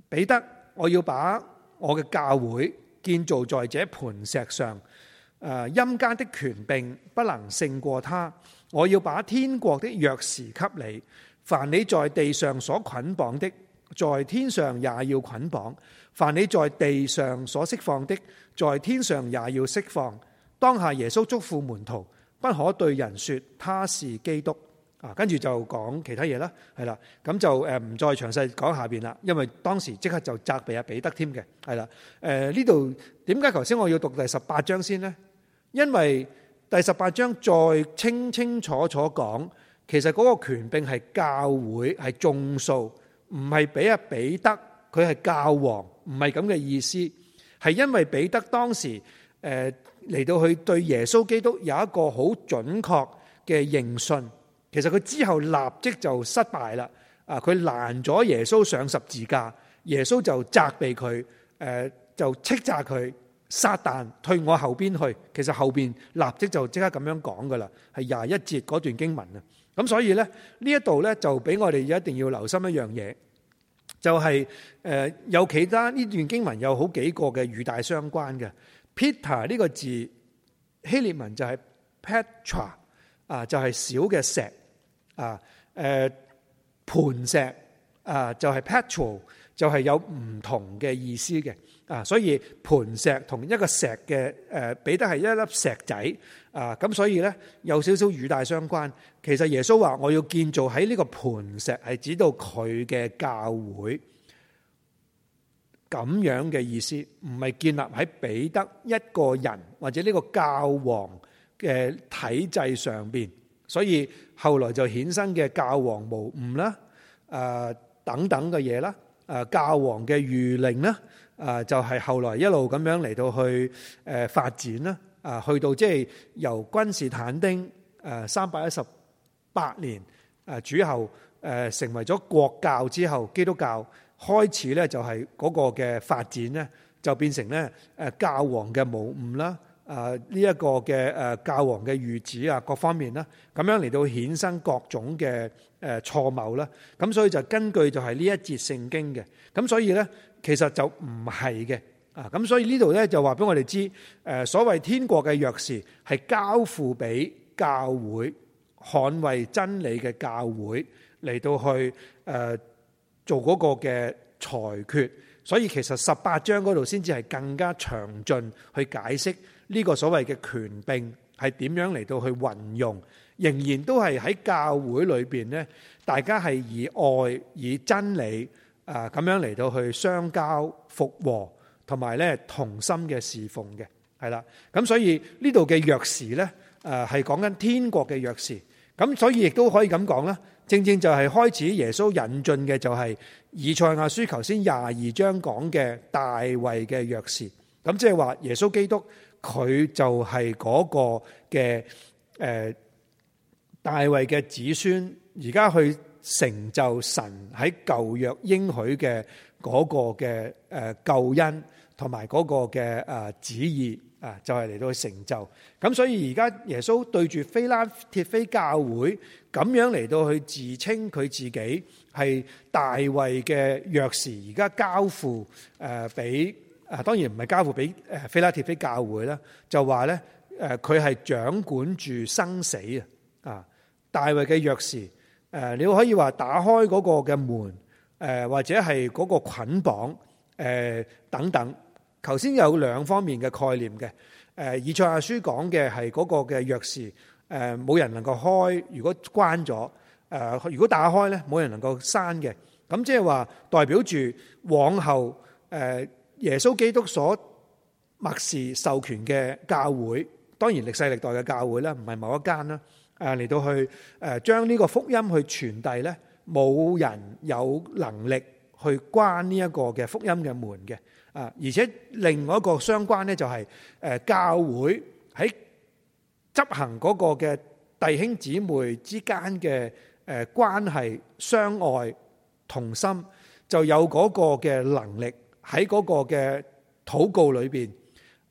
彼得，我要把我嘅教會建造在這磐石上，誒陰間的權柄不能勝過他。我要把天國的鑰匙給你,凡你在地上所捆綁的，在天上也要捆綁；凡你在地上所釋放的，在天上也要釋放。當下耶穌囑咐門徒，不可對人說他是基督。啊，跟住就講其他嘢啦，係啦，咁就誒唔再詳細講下邊啦，因為當時即刻就責備阿彼得添嘅，係啦，誒呢度點解頭先我要讀第十八章先呢？因為第十八章再清清楚楚講，其實嗰個權柄係教會係眾數，唔係俾阿彼得，佢係教皇，唔係咁嘅意思。係因為彼得當時誒嚟、呃、到去對耶穌基督有一個好準確嘅認信，其實佢之後立即就失敗啦。啊，佢攔咗耶穌上十字架，耶穌就責備佢，誒、呃、就斥責佢。撒旦退我後邊去，其實後邊立即就即刻咁樣講噶啦，係廿一節嗰段經文啊。咁所以咧呢一度咧就俾我哋一定要留心一樣嘢，就係誒有其他呢段經文有好幾個嘅語帶相關嘅。Peter 呢個字希列文就係 petra 啊，就係小嘅石啊，誒盤石啊，就係 petrol，就係有唔同嘅意思嘅。啊，所以磐石同一個石嘅，誒，彼得係一粒石仔啊，咁所以咧有少少語帶相關。其實耶穌話我要建造喺呢個磐石，係指到佢嘅教會咁樣嘅意思，唔係建立喺彼得一個人或者呢個教皇嘅體制上邊。所以後來就衍生嘅教皇無誤啦，誒、呃、等等嘅嘢啦，誒、呃、教皇嘅諭令啦。啊，就係後來一路咁樣嚟到去誒發展啦，啊，去到即係由君士坦丁誒三百一十八年誒主後誒成為咗國教之後，基督教開始咧就係嗰個嘅發展咧，就變成咧誒教皇嘅無誤啦。啊！呢一個嘅誒教皇嘅御旨啊，各方面啦，咁樣嚟到衍生各種嘅誒錯謬啦，咁所以就根據就係呢一節聖經嘅，咁所以咧其實就唔係嘅啊！咁所以呢度咧就話俾我哋知，誒所謂天國嘅鑰匙係交付俾教會捍衞真理嘅教會嚟到去誒做嗰個嘅裁決，所以其實十八章嗰度先至係更加詳盡去解釋。呢個所謂嘅權柄係點樣嚟到去運用？仍然都係喺教會裏邊呢，大家係以愛、以真理啊咁樣嚟到去相交、復和，同埋咧同心嘅侍奉嘅，係啦。咁所以呢度嘅鑰匙呢，誒係講緊天國嘅鑰匙。咁所以亦都可以咁講啦，正正就係開始耶穌引進嘅就係以賽亞書頭先廿二章講嘅大衛嘅鑰匙。咁即係話耶穌基督。佢就係嗰個嘅誒大衛嘅子孫，而家去成就神喺舊約應許嘅嗰個嘅誒救恩同埋嗰個嘅誒旨意啊，就係嚟到去成就。咁所以而家耶穌對住非拉鐵非教會咁樣嚟到去自稱佢自己係大衛嘅鑰匙，而家交付誒俾。啊，當然唔係交付俾誒菲拉鐵菲教會啦，就話咧誒佢係掌管住生死啊！大衛嘅鑰匙誒，你可以話打開嗰個嘅門誒，或者係嗰個捆綁誒等等。頭先有兩方面嘅概念嘅誒，以賽亞書講嘅係嗰個嘅鑰匙誒，冇人能夠開，如果關咗誒，如果打開咧，冇人能夠閂嘅。咁即係話代表住往後誒。耶穌基督所默示授權嘅教會，當然歷世歷代嘅教會啦，唔係某一間啦，誒嚟到去誒將呢個福音去傳遞咧，冇人有能力去關呢一個嘅福音嘅門嘅，啊！而且另外一個相關咧，就係誒教會喺執行嗰個嘅弟兄姊妹之間嘅誒關係相愛同心，就有嗰個嘅能力。喺嗰個嘅禱告裏邊，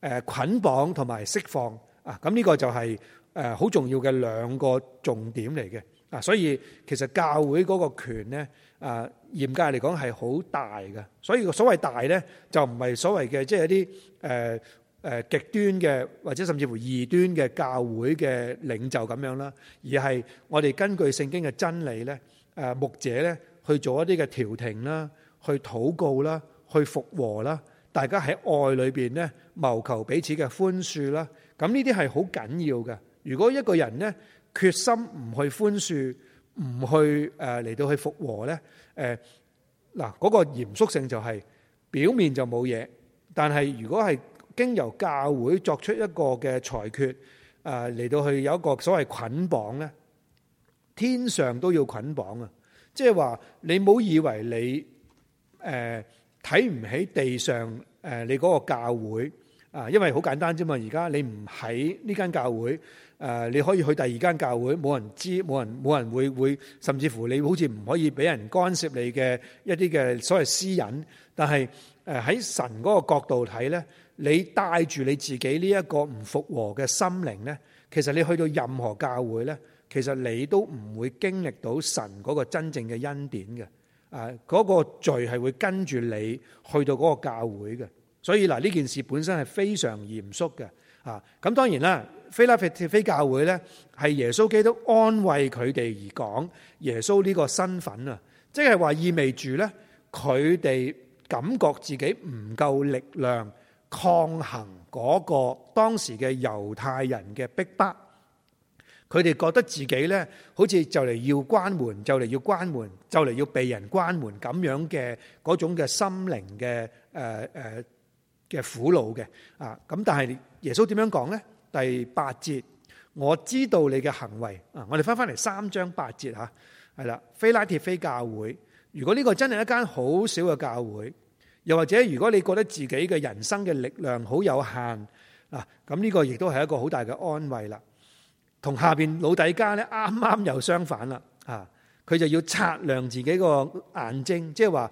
誒捆綁同埋釋放啊！咁呢個就係誒好重要嘅兩個重點嚟嘅啊！所以其實教會嗰個權咧誒，嚴格嚟講係好大嘅。所以所謂大咧，就唔係所謂嘅即係一啲誒誒極端嘅或者甚至乎異端嘅教會嘅領袖咁樣啦，而係我哋根據聖經嘅真理咧，誒牧者咧去做一啲嘅調停啦，去禱告啦。去復和啦，大家喺愛裏邊咧，謀求彼此嘅寬恕啦。咁呢啲係好緊要嘅。如果一個人咧，決心唔去寬恕，唔去誒嚟、呃、到去復和咧，誒嗱嗰個嚴肅性就係表面就冇嘢，但係如果係經由教會作出一個嘅裁決，誒、呃、嚟到去有一個所謂捆綁咧，天上都要捆綁啊！即係話你唔好以為你誒。呃睇唔起地上誒你嗰個教會啊，因為好簡單啫嘛。而家你唔喺呢間教會，誒你可以去第二間教會，冇人知，冇人冇人會會，甚至乎你好似唔可以俾人干涉你嘅一啲嘅所謂私隱。但係誒喺神嗰個角度睇咧，你帶住你自己呢一個唔復和嘅心靈咧，其實你去到任何教會咧，其實你都唔會經歷到神嗰個真正嘅恩典嘅。誒嗰個罪係會跟住你去到嗰個教會嘅，所以嗱，呢件事本身係非常嚴肅嘅。咁當然啦，非拉鐵非教會咧，係耶穌基督安慰佢哋，而講耶穌呢個身份啊，即係話意味住咧，佢哋感覺自己唔夠力量抗衡嗰個當時嘅猶太人嘅逼迫，迫。佢哋覺得自己呢，好似就嚟要關門，就嚟要關門，就嚟要被人關門咁樣嘅嗰種嘅心靈嘅誒誒嘅苦惱嘅啊！咁但係耶穌點樣講呢？第八節，我知道你嘅行為啊！我哋翻翻嚟三章八節嚇，係啦，非拉鐵非教會。如果呢個真係一間好小嘅教會，又或者如果你覺得自己嘅人生嘅力量好有限啊，咁呢個亦都係一個好大嘅安慰啦。同下邊老底嘉呢啱啱又相反啦，啊！佢就要擦亮自己個眼睛，即係話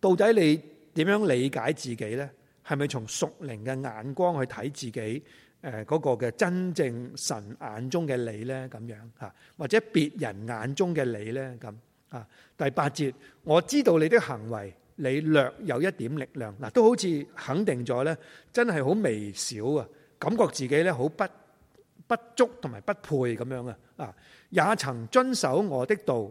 到底你點樣理解自己呢？係咪從屬靈嘅眼光去睇自己？誒、呃，嗰、那個嘅真正神眼中嘅你呢？咁樣吓、啊，或者別人眼中嘅你呢？咁啊？第八節，我知道你的行為，你略有一點力量，嗱、啊，都好似肯定咗呢，真係好微小啊！感覺自己呢好不。不足同埋不配咁樣啊！啊，也曾遵守我的道，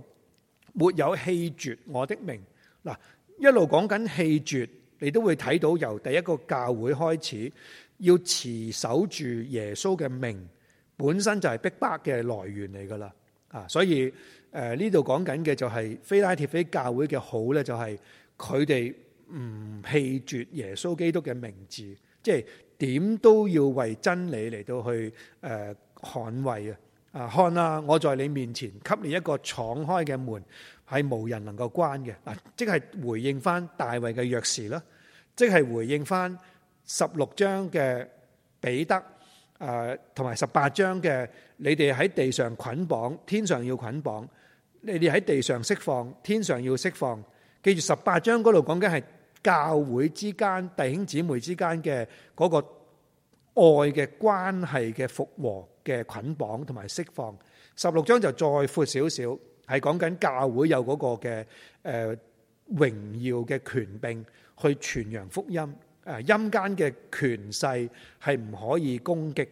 沒有棄絕我的名。嗱，一路講緊棄絕，你都會睇到由第一個教會開始，要持守住耶穌嘅名，本身就係逼迫嘅來源嚟噶啦。啊，所以誒呢度講緊嘅就係、是、腓拉鐵非教會嘅好呢就係佢哋唔棄絕耶穌基督嘅名字，即係。點都要為真理嚟到去誒捍衛啊！啊看啊，我在你面前，給你一個敞開嘅門，係無人能夠關嘅。嗱，即係回應翻大衛嘅鑰匙啦，即係回應翻十六章嘅彼得誒，同埋十八章嘅你哋喺地上捆綁，天上要捆綁；你哋喺地上釋放，天上要釋放。記住十八章嗰度講緊係。教會之間弟兄姊妹之間嘅嗰個愛嘅關係嘅復和嘅捆綁同埋釋放，十六章就再闊少少，係講緊教會有嗰個嘅誒榮耀嘅權柄去傳揚福音，誒陰間嘅權勢係唔可以攻擊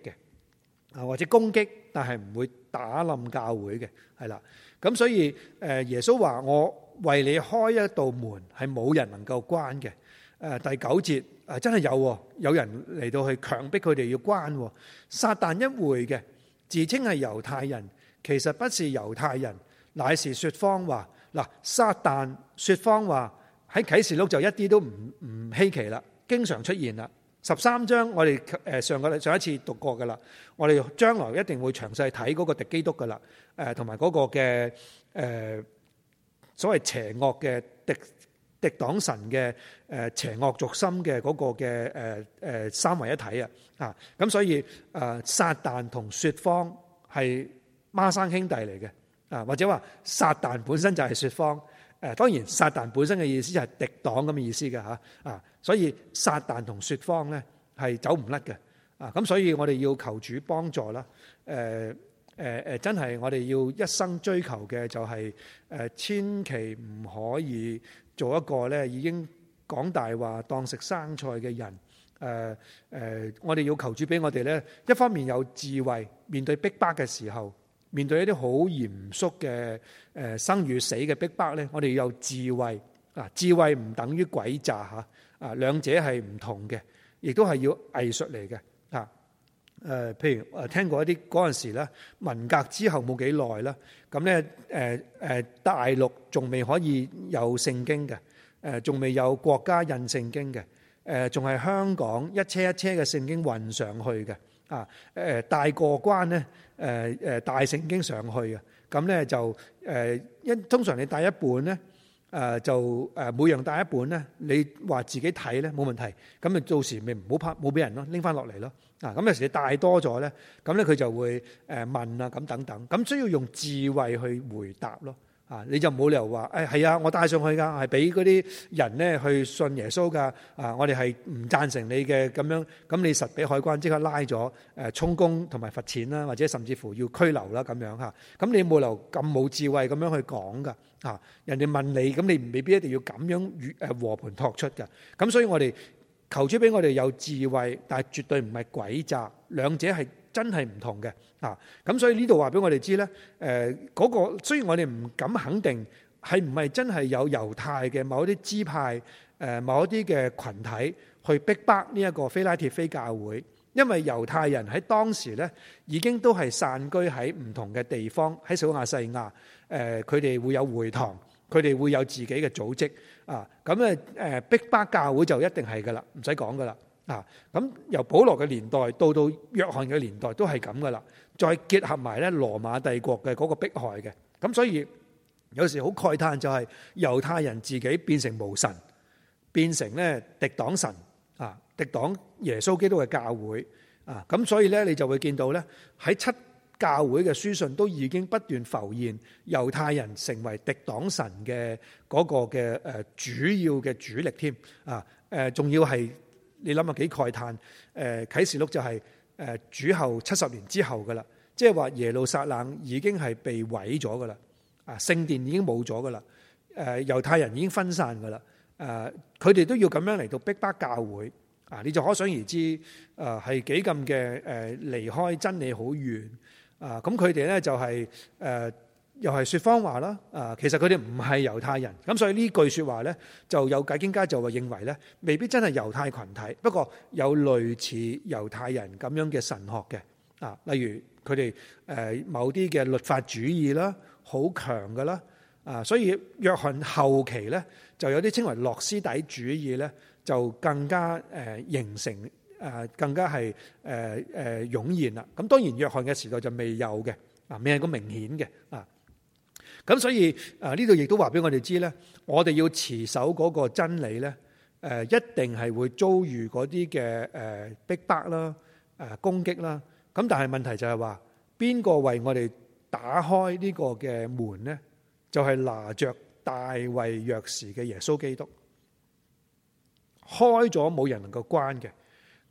嘅，或者攻擊但係唔會打冧教會嘅，係啦，咁所以誒耶穌話我。為你開一道門，係冇人能夠關嘅。誒，第九節誒，真係有，有人嚟到去強迫佢哋要關。撒旦一會嘅，自稱係猶太人，其實不是猶太人，乃是說謊話。嗱，撒旦說謊話喺啟示錄就一啲都唔唔稀奇啦，經常出現啦。十三章我哋誒上個上一次讀過噶啦，我哋將來一定會詳細睇嗰個敵基督噶啦，誒同埋嗰個嘅誒。呃所謂邪惡嘅敵敵擋神嘅誒、呃、邪惡族心嘅嗰個嘅誒誒三位一體啊，啊咁所以誒、呃、撒旦同説謊係孖生兄弟嚟嘅啊，或者話撒旦本身就係説謊，誒當然撒旦本身嘅意思就係敵擋咁嘅意思嘅嚇啊，所以撒旦同説謊咧係走唔甩嘅啊，咁所以我哋要求主幫助啦誒。啊誒誒、呃，真係我哋要一生追求嘅就係、是、誒、呃，千祈唔可以做一個咧已經講大話當食生菜嘅人。誒、呃、誒、呃，我哋要求主俾我哋咧，一方面有智慧，面對逼迫嘅時候，面對一啲好嚴肅嘅誒生與死嘅逼迫咧，我哋要有智慧啊！智慧唔等於詭詐嚇，啊兩者係唔同嘅，亦都係要藝術嚟嘅。誒，譬如誒，聽過一啲嗰陣時咧，文革之後冇幾耐啦，咁咧誒誒，大陸仲未可以有聖經嘅，誒，仲未有國家印聖經嘅，誒，仲係香港一車一車嘅聖經運上去嘅，啊，誒帶過關咧，誒誒帶聖經上去嘅，咁咧就誒，因通常你帶一本咧，誒就誒每樣帶一本咧，你話自己睇咧冇問題，咁咪到時咪唔好怕冇俾人咯，拎翻落嚟咯。啊咁有時你帶多咗咧，咁咧佢就會誒問啊，咁等等，咁需要用智慧去回答咯。啊，你就冇理由話誒係啊，我帶上去噶，係俾嗰啲人咧去信耶穌噶。啊，我哋係唔贊成你嘅咁樣，咁你實俾海關即刻拉咗，誒充公同埋罰錢啦，或者甚至乎要拘留啦咁樣嚇。咁你冇理由咁冇智慧咁樣去講噶。人哋問你，咁你未必一定要咁樣和盤托出嘅。咁所以我哋。求主俾我哋有智慧，但係絕對唔係詭詐，兩者係真係唔同嘅啊！咁所以呢度話俾我哋知呢，誒嗰個雖然我哋唔敢肯定係唔係真係有猶太嘅某,、呃、某一啲支派誒某一啲嘅群體去逼迫呢一個非拉鐵非教會，因為猶太人喺當時呢已經都係散居喺唔同嘅地方，喺小亞細亞誒佢哋會有會堂，佢哋會有自己嘅組織。啊，咁咧誒，逼迫教會就一定係噶啦，唔使講噶啦。啊，咁由保羅嘅年代到到約翰嘅年代都係咁噶啦。再結合埋咧羅馬帝國嘅嗰個迫害嘅，咁所以有時好慨嘆就係猶太人自己變成無神，變成咧敵擋神啊，敵擋耶穌基督嘅教會啊，咁所以咧你就會見到咧喺七教會嘅書信都已經不斷浮現，猶太人成為敵擋神嘅嗰個嘅誒主要嘅主力添啊！誒、呃，仲要係你諗下幾慨嘆？誒、呃，啟示錄就係、是、誒、呃、主後七十年之後噶啦，即係話耶路撒冷已經係被毀咗噶啦，啊聖殿已經冇咗噶啦，誒、啊、猶太人已經分散噶啦，誒佢哋都要咁樣嚟到逼迫教會啊！你就可想而知，誒係幾咁嘅誒離開真理好遠。啊！咁佢哋咧就係、是、誒、呃，又係説謊話啦。啊，其實佢哋唔係猶太人，咁所以這句呢句説話咧，就有解經家就會認為咧，未必真係猶太群體。不過有類似猶太人咁樣嘅神學嘅啊，例如佢哋誒某啲嘅律法主義啦，好強㗎啦。啊，所以約翰後期咧，就有啲稱為諾斯底主義咧，就更加誒、呃、形成。誒、呃，更加係誒誒湧現啦。咁、呃呃呃呃、當然，約翰嘅時代就未有嘅，啊未係咁明顯嘅啊。咁所以誒、呃、呢度亦都話俾我哋知咧，我哋要持守嗰個真理咧，誒、呃、一定係會遭遇嗰啲嘅誒逼迫啦，誒、呃、攻擊啦。咁、啊、但係問題就係話，邊個為我哋打開這個門呢個嘅門咧？就係、是、拿着大衛鑰匙嘅耶穌基督，開咗冇人能夠關嘅。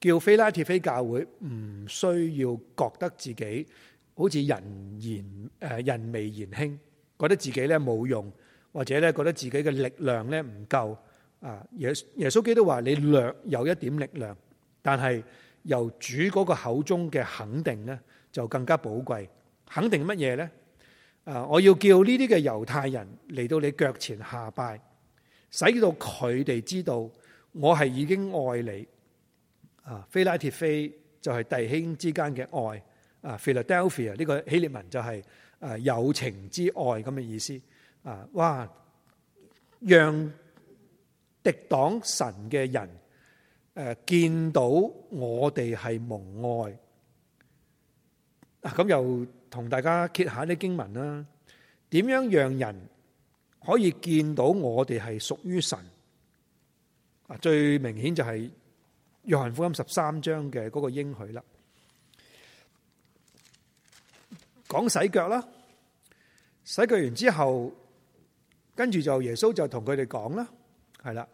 叫非拉鐵非教會唔需要覺得自己好似人言誒人微言輕，覺得自己咧冇用或者咧覺得自己嘅力量咧唔夠啊！耶耶穌基督話：你略有一點力量，但係由主嗰個口中嘅肯定咧就更加寶貴。肯定乜嘢呢？啊！我要叫呢啲嘅猶太人嚟到你腳前下拜，使到佢哋知道我係已經愛你。啊非拉鐵非就係弟兄之間嘅愛。啊，Philadelphia 呢個希臘文就係、是、啊，友情之愛咁嘅意思。啊，哇，讓敵擋神嘅人誒、啊、見到我哋係蒙愛。啊，咁又同大家揭下啲經文啦。點樣讓人可以見到我哋係屬於神？啊，最明顯就係、是。約翰福音十三章嘅嗰個應許啦，講洗腳啦，洗腳完之後，跟住就耶穌就同佢哋講啦，係啦，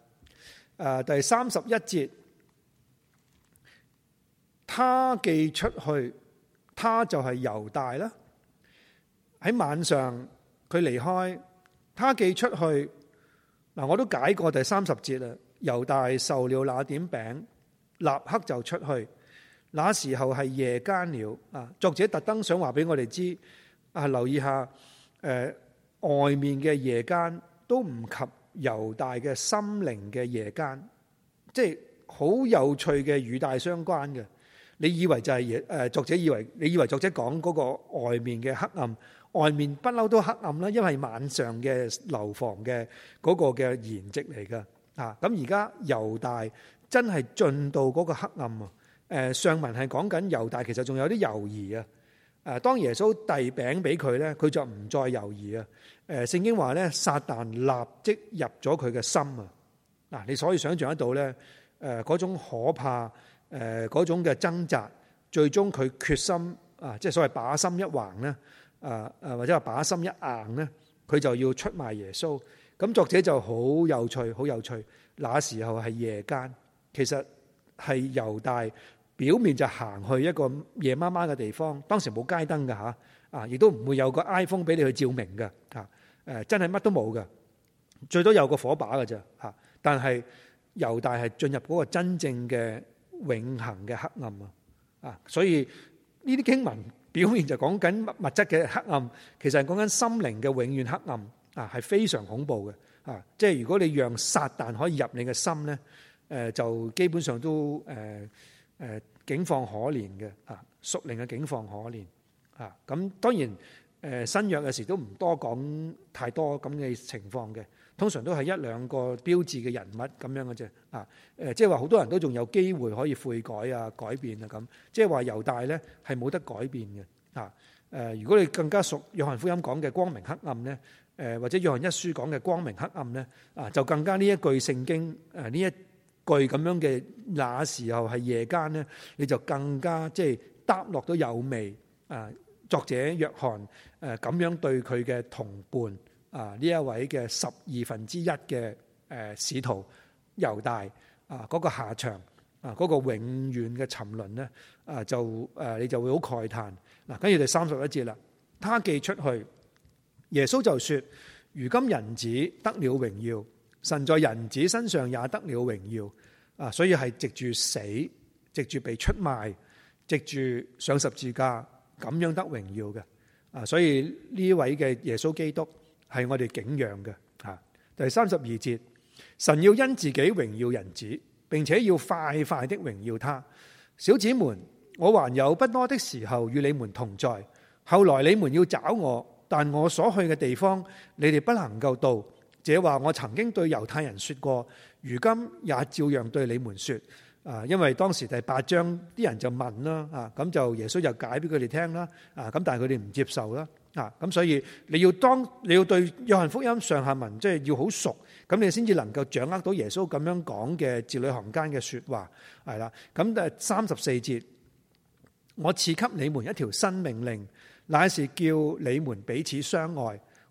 誒第三十一節，他既出去，他就係猶大啦。喺晚上佢離開，他既出去嗱，我都解過第三十節啦，猶大受了那點餅。立刻就出去，那時候係夜間了啊！作者特登想話俾我哋知啊，留意下誒、呃，外面嘅夜間都唔及猶大嘅心靈嘅夜間，即係好有趣嘅語帶相關嘅。你以為就係、是、誒、呃、作者以為你以為作者講嗰個外面嘅黑暗，外面不嬲都黑暗啦，因為晚上嘅樓房嘅嗰個嘅顏值嚟噶啊！咁而家猶大。真係進到嗰個黑暗啊！誒，上文係講緊猶大，其實仲有啲猶疑啊！誒，當耶穌遞餅俾佢咧，佢就唔再猶豫啊！誒，聖經話咧，撒旦立即入咗佢嘅心啊！嗱，你所以想象得到咧，誒，嗰種可怕，誒，嗰種嘅掙扎，最終佢決心啊，即係所謂把心一橫咧，啊啊或者話把心一硬咧，佢就要出賣耶穌。咁作者就好有趣，好有趣。那時候係夜間。其實係猶大表面就行去一個夜媽媽嘅地方，當時冇街燈嘅嚇，啊，亦都唔會有個 iPhone 俾你去照明嘅，啊，誒，真係乜都冇嘅，最多有個火把嘅啫，嚇。但係猶大係進入嗰個真正嘅永恒嘅黑暗啊，啊，所以呢啲經文表面就講緊物質嘅黑暗，其實係講緊心靈嘅永遠黑暗啊，係非常恐怖嘅，啊，即係如果你讓撒但可以入你嘅心咧。誒，就基本上都誒，誒景況可憐嘅嚇，屬靈嘅景況可憐嚇。咁當然誒新約嘅時都唔多講太多咁嘅情況嘅，通常都係一兩個標誌嘅人物咁樣嘅啫。啊，誒，即係話好多人都仲有機會可以悔改啊、改變啊咁。即係話猶大咧係冇得改變嘅嚇。誒，如果你更加熟《約翰福音》講嘅光明黑暗咧，誒或者《約翰一書》講嘅光明黑暗咧，啊就更加呢一句聖經誒，呢一。據咁樣嘅，那時候係夜間呢，你就更加即係揼落都有味啊！作者約翰誒咁樣對佢嘅同伴啊，呢一位嘅十二分之一嘅誒使徒猶大啊，嗰個下場啊，嗰個永遠嘅沉淪呢，啊就你就會好慨嘆嗱，跟住第三十一節啦，他既出去，耶穌就說如今人子得了榮耀。神在人子身上也得了榮耀，啊，所以係藉住死，藉住被出賣，藉住上十字架，咁樣得榮耀嘅，啊，所以呢位嘅耶穌基督係我哋敬仰嘅，吓。第三十二節，神要因自己榮耀人子，並且要快快的榮耀他。小子們，我還有不多的時候與你們同在，後來你們要找我，但我所去嘅地方，你哋不能夠到。這話我曾經對猶太人説過，如今也照樣對你們説。啊，因為當時第八章，啲人就問啦，啊，咁就耶穌就解俾佢哋聽啦，啊，咁但係佢哋唔接受啦，啊，咁所以你要當你要對《約翰福音》上下文即係要好熟，咁你先至能夠掌握到耶穌咁樣講嘅字裏行間嘅説話，係啦。咁第三十四節，我賜給你們一條新命令，乃是叫你們彼此相愛。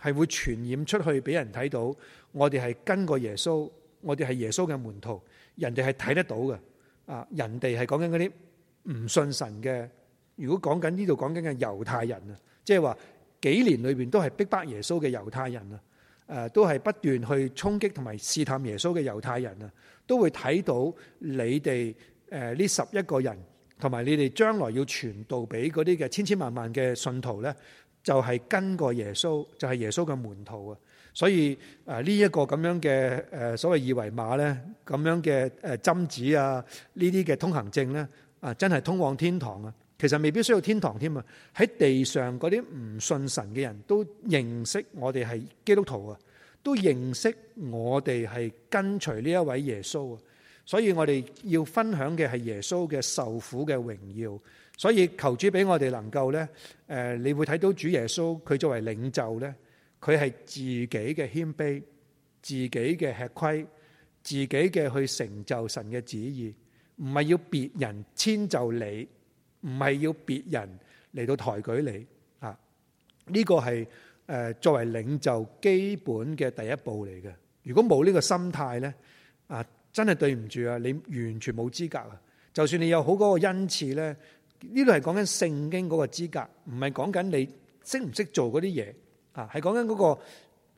係會傳染出去俾人睇到，我哋係跟過耶穌，我哋係耶穌嘅門徒，人哋係睇得到嘅。啊，人哋係講緊嗰啲唔信神嘅。如果講緊呢度講緊嘅猶太人啊，即係話幾年裏邊都係逼迫耶穌嘅猶太人啊，誒，都係不斷去衝擊同埋試探耶穌嘅猶太人啊，都會睇到你哋誒呢十一個人，同埋你哋將來要傳道俾嗰啲嘅千千萬萬嘅信徒呢。就係跟過耶穌，就係、是、耶穌嘅門徒啊！所以啊，呢、這、一個咁樣嘅誒所謂二維碼咧，咁樣嘅誒針紙啊，呢啲嘅通行證咧，啊，真係通往天堂啊！其實未必需要天堂添啊！喺地上嗰啲唔信神嘅人都認識我哋係基督徒啊，都認識我哋係跟隨呢一位耶穌啊！所以我哋要分享嘅係耶穌嘅受苦嘅榮耀。所以求主俾我哋能夠呢，誒，你會睇到主耶穌佢作為領袖呢，佢係自己嘅謙卑，自己嘅吃虧，自己嘅去成就神嘅旨意，唔係要別人遷就你，唔係要別人嚟到抬舉你，啊，呢個係誒作為領袖基本嘅第一步嚟嘅。如果冇呢個心態呢，啊，真係對唔住啊，你完全冇資格啊，就算你有好嗰個恩賜呢。呢度係講緊聖經嗰個資格，唔係講緊你識唔識做嗰啲嘢，啊，係講緊嗰個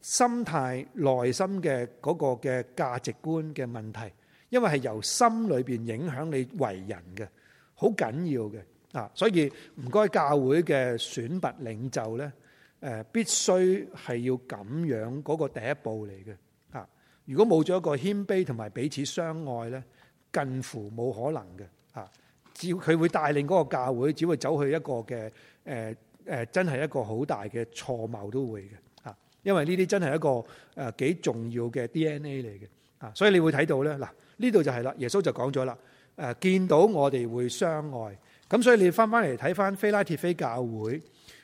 心態、內心嘅嗰個嘅價值觀嘅問題，因為係由心裏邊影響你為人嘅，好緊要嘅，啊，所以唔該教會嘅選拔領袖咧，誒，必須係要咁樣嗰個第一步嚟嘅，啊，如果冇咗一個謙卑同埋彼此相愛咧，近乎冇可能嘅。只要佢會帶領嗰個教會，只會走去一個嘅誒誒，真係一個好大嘅錯謬都會嘅嚇，因為呢啲真係一個誒幾重要嘅 DNA 嚟嘅啊，所以你會睇到咧嗱，呢度就係啦，耶穌就講咗啦誒，見到我哋會相愛，咁所以你返返嚟睇返非拉鐵非教會，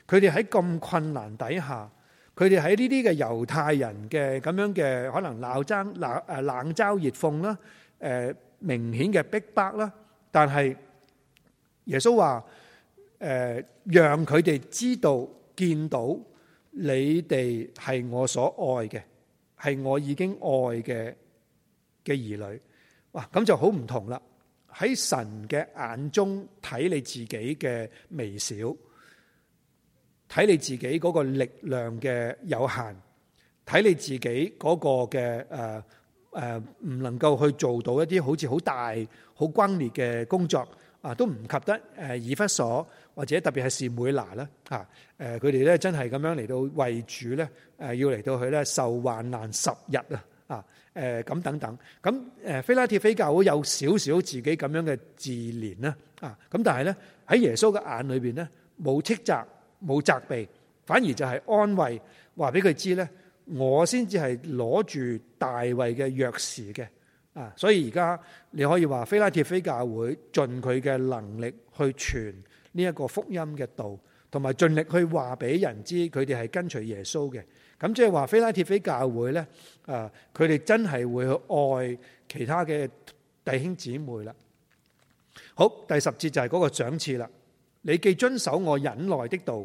佢哋喺咁困難底下，佢哋喺呢啲嘅猶太人嘅咁樣嘅可能鬧爭、冷誒冷嘲熱諷啦，誒明顯嘅逼迫啦，但係。耶穌話：誒，讓佢哋知道見到你哋係我所愛嘅，係我已經愛嘅嘅兒女。哇，咁就好唔同啦。喺神嘅眼中睇你自己嘅微小，睇你自己嗰個力量嘅有限，睇你自己嗰個嘅誒誒，唔、呃呃、唔能夠去做到一啲好似好大好轟烈嘅工作。啊，都唔及得誒以弗所或者特別係士每拿啦，嚇誒，佢哋咧真係咁樣嚟到為主咧誒，要嚟到佢咧受患難十日啊啊誒咁等等咁誒，腓拉鐵腓教會有少少自己咁樣嘅自憐啦啊咁，但係咧喺耶穌嘅眼裏邊咧，冇斥責冇責備，反而就係安慰，話俾佢知咧，我先至係攞住大衛嘅鑰匙嘅。啊！所以而家你可以話，非拉鐵非教會盡佢嘅能力去傳呢一個福音嘅道，同埋盡力去話俾人知佢哋係跟隨耶穌嘅。咁即係話，非拉鐵非教會呢，啊，佢哋真係會去愛其他嘅弟兄姊妹啦。好，第十節就係嗰個賞賜啦。你既遵守我忍耐的道，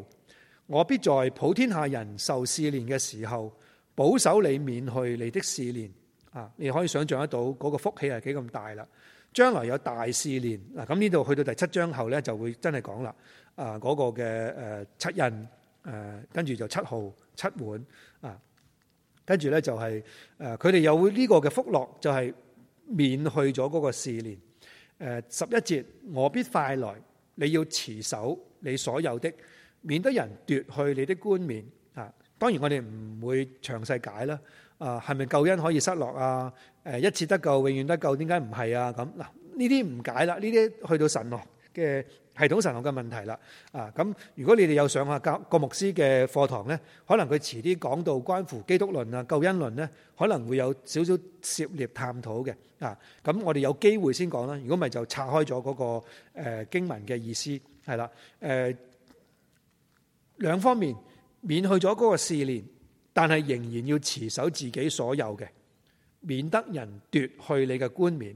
我必在普天下人受試煉嘅時候，保守你免去你的試煉。啊，你可以想象得到嗰個福氣係幾咁大啦！將來有大試煉，嗱，咁呢度去到第七章後咧，就會真係講啦。啊、那個，嗰個嘅七印跟住就七號、七碗啊，跟住咧就係佢哋又會呢個嘅福樂就係免去咗嗰個試煉。十一節，我必快來，你要持守你所有的，免得人奪去你的冠冕。啊，當然我哋唔會詳細解啦。啊，係咪救恩可以失落啊？誒，一次得救，永遠得救，點解唔係啊？咁嗱，呢啲唔解啦，呢啲去到神學嘅系統神學嘅問題啦。啊，咁如果你哋有上下教個牧師嘅課堂咧，可能佢遲啲講到關乎基督論啊、救恩論咧，可能會有少少涉獵探討嘅。啊，咁我哋有機會先講啦。如果唔係就拆開咗嗰個誒經文嘅意思係啦。誒，兩方面免去咗嗰個試煉。但係仍然要持守自己所有嘅，免得人奪去你嘅冠冕。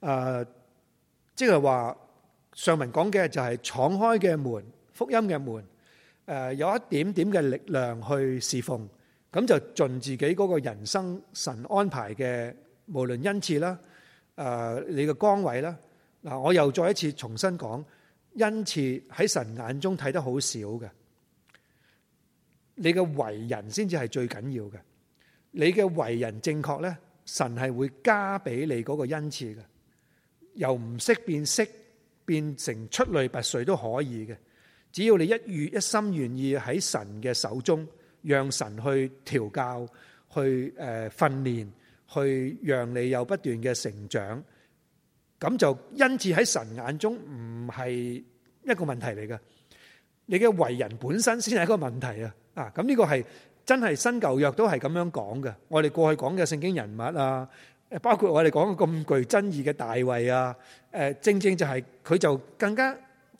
誒，即係話上文講嘅就係敞開嘅門，福音嘅門。誒，有一點點嘅力量去侍奉，咁就盡自己嗰個人生神安排嘅，無論恩賜啦，誒，你嘅崗位啦。嗱，我又再一次重新講，恩賜喺神眼中睇得好少嘅。你嘅為人先至係最緊要嘅，你嘅為人正確咧，神係會加俾你嗰個恩賜嘅，由唔識變識，變成出類拔萃都可以嘅。只要你一願一心願意喺神嘅手中，讓神去調教，去誒訓練，去讓你有不斷嘅成長，咁就恩賜喺神眼中唔係一個問題嚟嘅。你嘅為人本身先係一個問題啊。啊，咁、這、呢個係真係新舊約都係咁樣講嘅。我哋過去講嘅聖經人物啊，誒，包括我哋講嘅咁具爭議嘅大衛啊，誒，正正就係、是、佢就更加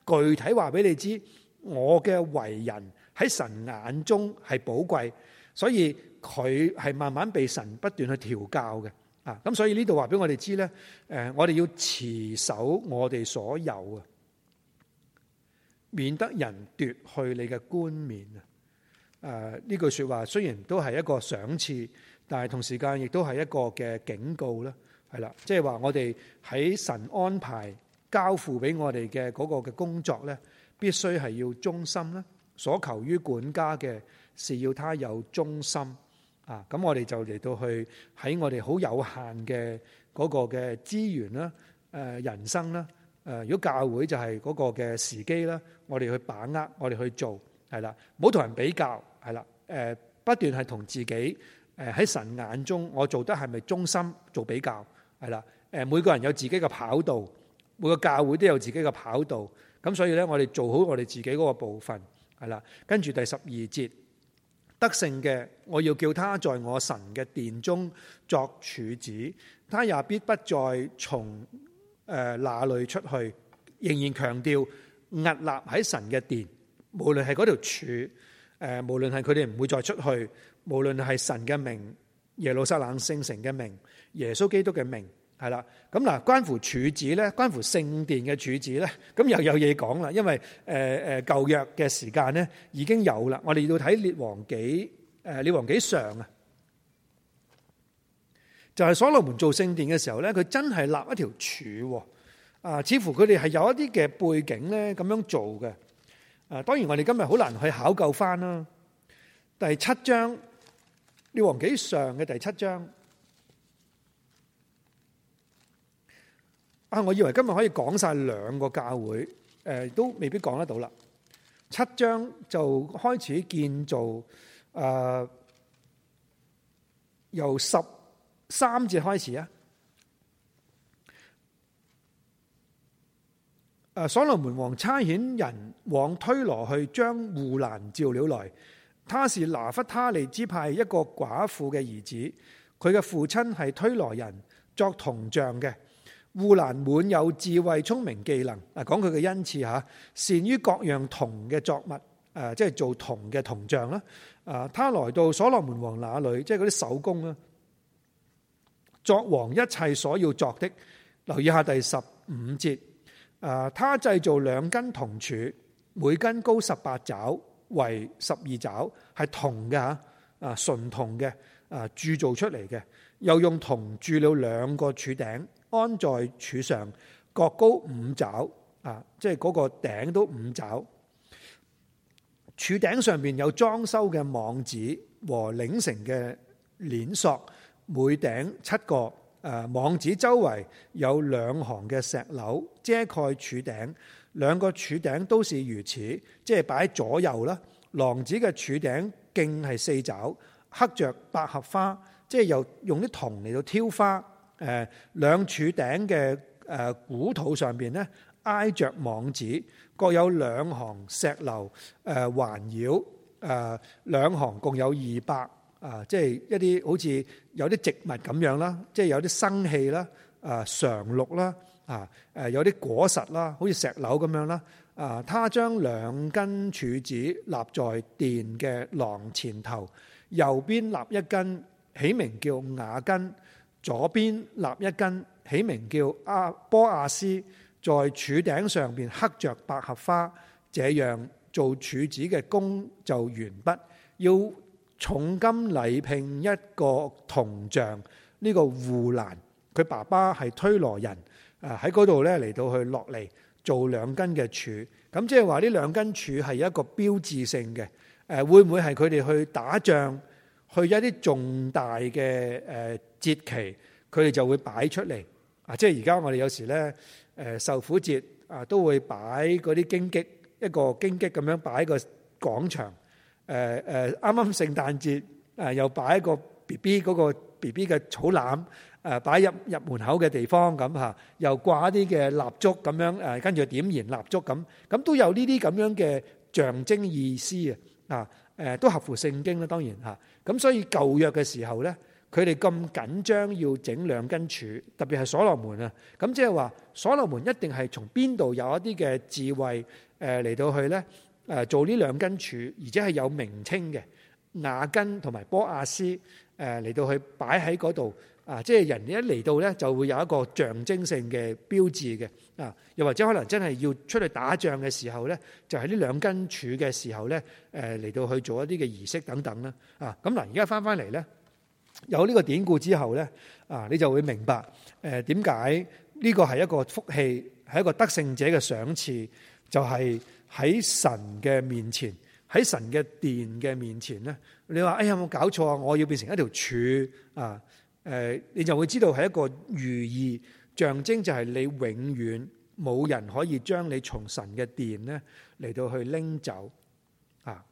具體話俾你知，我嘅為人喺神眼中係寶貴，所以佢係慢慢被神不斷去調教嘅。啊，咁所以呢度話俾我哋知咧，誒、啊，我哋要持守我哋所有啊，免得人奪去你嘅冠冕啊。誒呢句説話雖然都係一個賞賜，但係同時間亦都係一個嘅警告啦，係啦，即係話我哋喺神安排交付俾我哋嘅嗰個嘅工作呢，必須係要忠心啦。所求於管家嘅是要他有忠心，啊，咁我哋就嚟到去喺我哋好有限嘅嗰個嘅資源啦，誒人生啦，誒如果教會就係嗰個嘅時機啦，我哋去把握，我哋去做，係啦，唔好同人比較。係啦，不斷係同自己，誒喺神眼中我做得係咪忠心做比較，係啦，每個人有自己嘅跑道，每個教會都有自己嘅跑道，咁所以咧我哋做好我哋自己嗰個部分，係啦。跟住第十二節，得勝嘅我要叫他在我神嘅殿中作柱子，他也必不再從誒那裏出去，仍然強調屹立喺神嘅殿，無論係嗰條柱。誒，無論係佢哋唔會再出去，無論係神嘅名、耶路撒冷聖城嘅名、耶穌基督嘅名，係啦。咁嗱，關乎柱子咧，關乎聖殿嘅柱子咧，咁又有嘢講啦。因為誒誒舊約嘅時間咧已經有啦，我哋要睇列王紀，誒列王紀上啊，就係所羅門做聖殿嘅時候咧，佢真係立一條柱，啊，似乎佢哋係有一啲嘅背景咧，咁樣做嘅。啊，當然我哋今日好難去考究返啦。第七章，列王紀上嘅第七章。啊，我以為今日可以講晒兩個教會，誒都未必講得到啦。七章就開始建造，誒、呃、由十三節開始啊。誒，所羅門王差遣人往推羅去，將戶蘭召了來。他是拿弗他利支派一個寡婦嘅兒子，佢嘅父親係推羅人，作銅匠嘅。戶蘭滿有智慧、聰明、技能，啊，講佢嘅恩賜吓，善於各樣銅嘅作物，誒，即係做銅嘅銅匠啦。啊，他來到所羅門王那裏，即係嗰啲手工啦、啊，作王一切所要作的。留意下第十五節。啊！他製造兩根銅柱，每根高十八肘，圍十二肘，係銅嘅嚇，啊，純銅嘅，啊，鑄造出嚟嘅，又用銅鑄了兩個柱頂，安在柱上，各高五肘，啊，即係嗰個頂都五肘。柱頂上面有裝修嘅網子和擰成嘅鏈索，每頂七個。誒網子周圍有兩行嘅石榴遮蓋柱頂，兩個柱頂都是如此，即係擺左右啦。廊子嘅柱頂徑係四肘，刻着百合花，即係又用啲銅嚟到挑花。誒兩柱頂嘅誒鼓肚上邊呢，挨着網子，各有兩行石榴誒環繞，誒兩行共有二百。啊，即係一啲好似有啲植物咁樣啦，即係有啲生氣啦，啊，常綠啦，啊，誒有啲果實啦，好似石榴咁樣啦。啊，他將兩根柱子立在殿嘅廊前頭，右邊立一根起名叫雅斤，左邊立一根起名叫波阿斯，在柱頂上面刻着百合花，這樣做柱子嘅工就完畢。要重金禮聘一個銅匠，呢、這個戶蘭，佢爸爸係推羅人，啊喺嗰度咧嚟到去落嚟做兩根嘅柱，咁即係話呢兩根柱係一個標誌性嘅，誒會唔會係佢哋去打仗，去一啲重大嘅誒節期，佢哋就會擺出嚟，啊即係而家我哋有時呢，誒受苦節啊都會擺嗰啲荊棘，一個荊棘咁樣擺個廣場。誒誒，啱啱聖誕節誒，又擺個 BB 嗰個 BB 嘅草籃誒，擺、呃、入入門口嘅地方咁嚇，又掛一啲嘅蠟燭咁樣誒、呃，跟住點燃蠟燭咁，咁都有呢啲咁樣嘅象徵意思嘅啊誒、呃，都合乎聖經啦，當然嚇。咁、啊、所以舊約嘅時候咧，佢哋咁緊張要整兩根柱，特別係所羅門啊，咁即係話所羅門一定係從邊度有一啲嘅智慧誒嚟、呃、到去咧？誒做呢兩根柱，而且係有名稱嘅雅根同埋波亞斯，誒嚟到去擺喺嗰度，啊！即係人一嚟到呢，就會有一個象徵性嘅標誌嘅，啊！又或者可能真係要出去打仗嘅時候呢，就喺呢兩根柱嘅時候呢，誒、啊、嚟到去做一啲嘅儀式等等啦，啊！咁、啊、嗱，而家返返嚟呢，有呢個典故之後呢，啊，你就會明白，誒點解呢個係一個福氣，係一個得勝者嘅賞賜，就係、係。喺神嘅面前，喺神嘅殿嘅面前咧，你話哎呀有冇搞錯啊？我要變成一條柱啊？誒，你就會知道係一個寓意象徵，就係你永遠冇人可以將你從神嘅殿咧嚟到去拎走啊！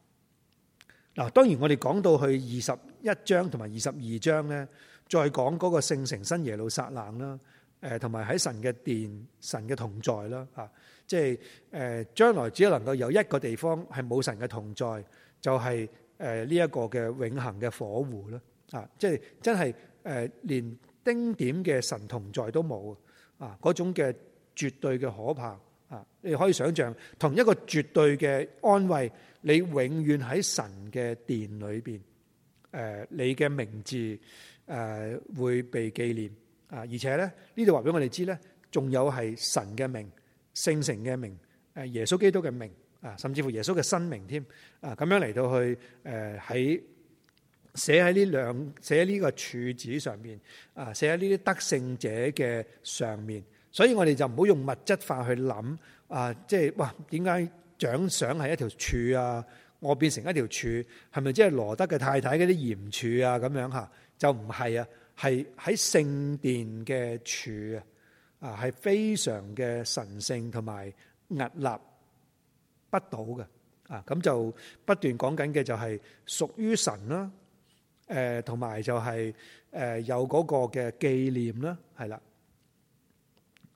嗱，當然我哋講到去二十一章同埋二十二章咧，再講嗰個聖城新耶路撒冷啦，誒、啊，同埋喺神嘅殿、神嘅同在啦、啊即係誒，將來只能夠有一個地方係冇神嘅同在，就係誒呢一個嘅永恆嘅火湖啦。啊，即係真係誒，連丁點嘅神同在都冇啊！嗰種嘅絕對嘅可怕啊，你可以想象同一個絕對嘅安慰，你永遠喺神嘅殿裏邊，誒，你嘅名字誒會被紀念啊！而且咧，呢度話俾我哋知咧，仲有係神嘅名。聖城嘅名誒，耶穌基督嘅名啊，甚至乎耶穌嘅新名添啊，咁樣嚟到去誒喺、呃、寫喺呢兩寫呢個柱子上面啊，寫喺呢啲得勝者嘅上面，所以我哋就唔好用物質化去諗啊、呃，即係哇，點解獎賞係一條柱啊？我變成一條柱，係咪即係羅得嘅太太嗰啲鹽柱啊？咁樣吓就唔係啊，係喺聖殿嘅柱啊。啊，係非常嘅神聖同埋屹立不倒嘅。啊咁，就不斷講緊嘅就係屬於神啦，誒，同埋就係誒有嗰個嘅紀念啦，係啦，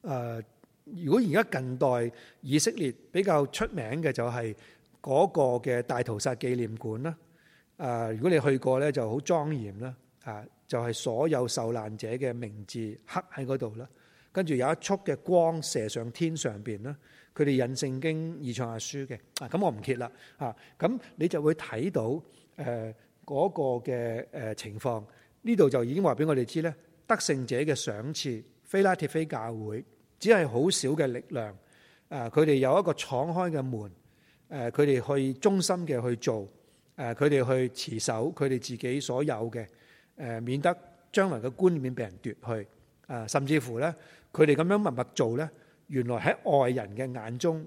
誒，如果而家近代以色列比較出名嘅就係嗰個嘅大屠殺紀念館啦，啊如果你去過咧，就好莊嚴啦，啊就係所有受難者嘅名字刻喺嗰度啦。跟住有一束嘅光射上天上邊啦，佢哋引聖經二創阿書嘅，啊咁我唔揭啦，啊咁你就會睇到，誒嗰個嘅誒情況，呢度就已經話俾我哋知咧，得勝者嘅賞賜，非拉鐵非教會，只係好少嘅力量，誒佢哋有一個敞開嘅門，誒佢哋去忠心嘅去做，誒佢哋去持守佢哋自己所有嘅，誒免得將來嘅冠冕俾人奪去，啊甚至乎咧。佢哋咁樣默默做呢，原來喺外人嘅眼中，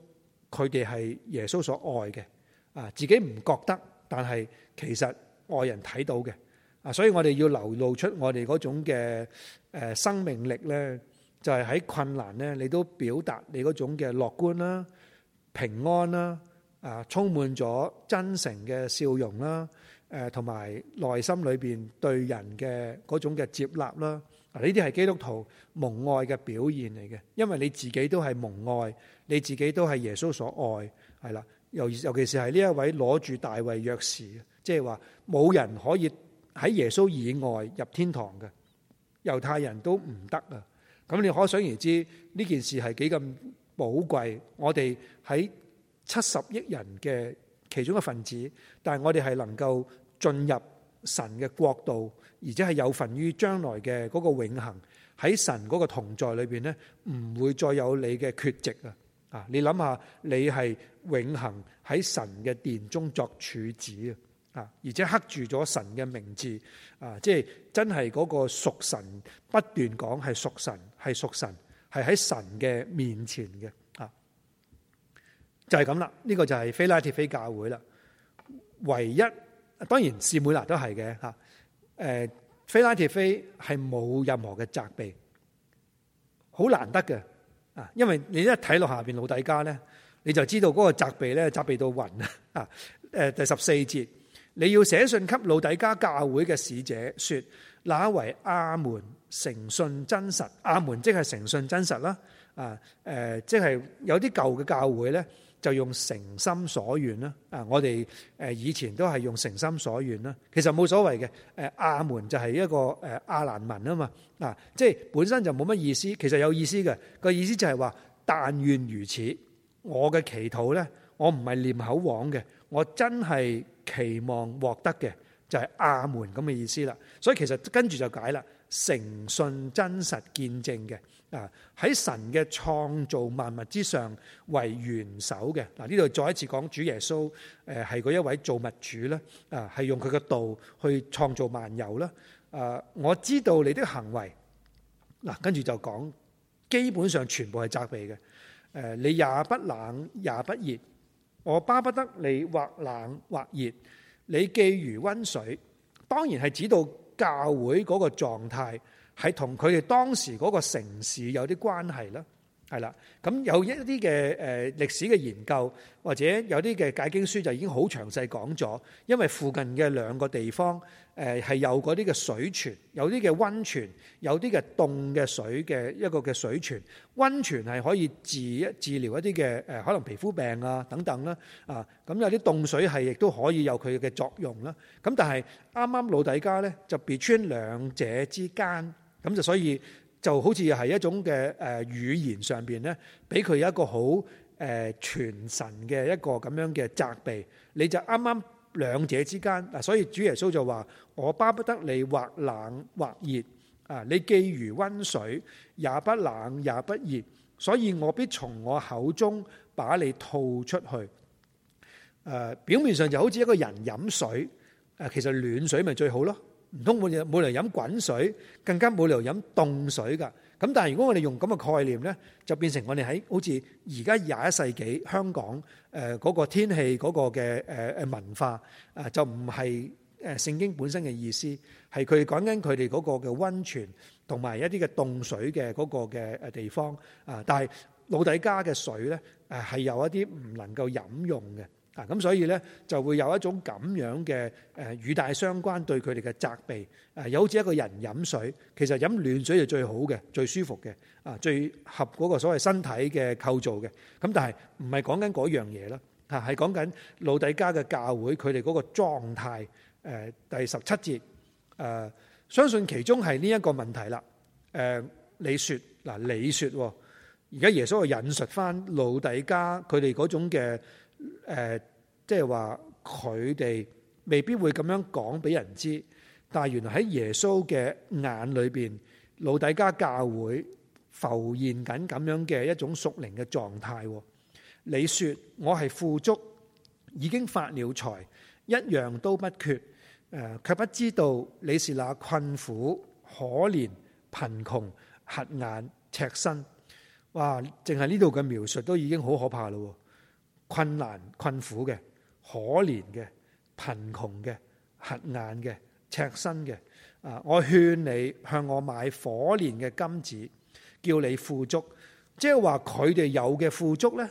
佢哋係耶穌所愛嘅啊！自己唔覺得，但係其實外人睇到嘅啊！所以我哋要流露出我哋嗰種嘅誒生命力呢，就係喺困難呢，你都表達你嗰種嘅樂觀啦、平安啦啊，充滿咗真誠嘅笑容啦，誒，同埋內心裏邊對人嘅嗰種嘅接納啦。呢啲係基督徒蒙愛嘅表現嚟嘅，因為你自己都係蒙愛，你自己都係耶穌所愛，係啦。尤尤其是係呢一位攞住大衛鑰匙，即係話冇人可以喺耶穌以外入天堂嘅，猶太人都唔得啊。咁你可想而知呢件事係幾咁寶貴。我哋喺七十億人嘅其中一份子，但係我哋係能夠進入神嘅國度。而且係有份於將來嘅嗰個永恆喺神嗰個同在裏邊呢，唔會再有你嘅缺席啊！啊，你諗下，你係永恆喺神嘅殿中作柱子啊！啊，而且刻住咗神嘅名字啊！即係真係嗰個屬神不斷講係屬神係屬神係喺神嘅面前嘅啊！就係咁啦，呢、呢個就係非拉鐵非教會啦。唯一當然士每拿，都係嘅嚇。誒，非拉鐵非係冇任何嘅責備，好難得嘅啊！因為你一睇落下邊老底嘉咧，你就知道嗰個責備咧責備到暈啊！啊誒，第十四節，你要寫信給老底嘉教會嘅使者，說那為阿門誠信真實，阿門即係誠信真實啦！啊誒，即係有啲舊嘅教會咧。就用誠心所願啦，啊，我哋以前都係用誠心所願啦，其實冇所謂嘅。誒亞門就係一個誒亞蘭文啊嘛，啊，即係本身就冇乜意思，其實有意思嘅個意思就係話，但願如此，我嘅祈禱呢，我唔係念口往嘅，我真係期望獲得嘅就係亞門咁嘅意思啦。所以其實跟住就解啦，誠信真實見證嘅。啊！喺神嘅創造萬物之上為元首嘅。嗱，呢度再一次講主耶穌，誒係嗰一位造物主啦，啊係用佢嘅道去創造萬有啦，啊我知道你的行為。嗱，跟住就講，基本上全部係責備嘅，誒你也不冷也不熱，我巴不得你或冷或熱，你既如溫水，當然係指到教會嗰個狀態。係同佢哋當時嗰個城市有啲關係啦，係啦，咁有一啲嘅誒歷史嘅研究或者有啲嘅解經書就已經好詳細講咗，因為附近嘅兩個地方誒係、呃、有嗰啲嘅水泉，有啲嘅溫泉，有啲嘅凍嘅水嘅一個嘅水泉，溫泉係可以治一治療一啲嘅誒可能皮膚病啊等等啦，啊咁有啲凍水係亦都可以有佢嘅作用啦，咁但係啱啱老底嘉呢，就 between 兩者之間。咁就所以就好似係一種嘅誒語言上邊咧，俾佢一個好誒傳神嘅一個咁樣嘅責備。你就啱啱兩者之間嗱，所以主耶穌就話：我巴不得你或冷或熱啊！你既如溫水，也不冷也不熱，所以我必從我口中把你吐出去。誒，表面上就好似一個人飲水，誒，其實暖水咪最好咯。唔通冇冇理由飲滾水，更加冇理由飲凍水㗎。咁但係如果我哋用咁嘅概念咧，就變成我哋喺好似而家廿一世紀香港誒嗰個天氣嗰個嘅誒誒文化啊，就唔係誒聖經本身嘅意思，係佢講緊佢哋嗰個嘅温泉同埋一啲嘅凍水嘅嗰個嘅誒地方啊。但係老底嘉嘅水咧誒係有一啲唔能夠飲用嘅。嗱咁、啊，所以呢，就會有一種咁樣嘅誒，語、呃、帶相關對佢哋嘅責備誒，有、啊、好似一個人飲水，其實飲暖水係最好嘅，最舒服嘅啊，最合嗰個所謂身體嘅構造嘅。咁、啊、但係唔係講緊嗰樣嘢啦，係講緊老底家嘅教會佢哋嗰個狀態、啊。第十七節誒、啊，相信其中係呢一個問題啦。誒、啊，你説嗱，你説而家耶穌又引述翻老底家，佢哋嗰種嘅。誒、呃，即係話佢哋未必會咁樣講俾人知，但係原來喺耶穌嘅眼裏邊，老底嘉教會浮現緊咁樣嘅一種屬靈嘅狀態。你說我係富足，已經發了財，一樣都不缺，誒、呃，卻不知道你是那困苦、可憐、貧窮、瞎眼、赤身。哇，淨係呢度嘅描述都已經好可怕啦。困難、困苦嘅、可憐嘅、貧窮嘅、瞎眼嘅、赤身嘅，啊！我勸你向我買火煉嘅金子，叫你富足。即係話佢哋有嘅富足呢，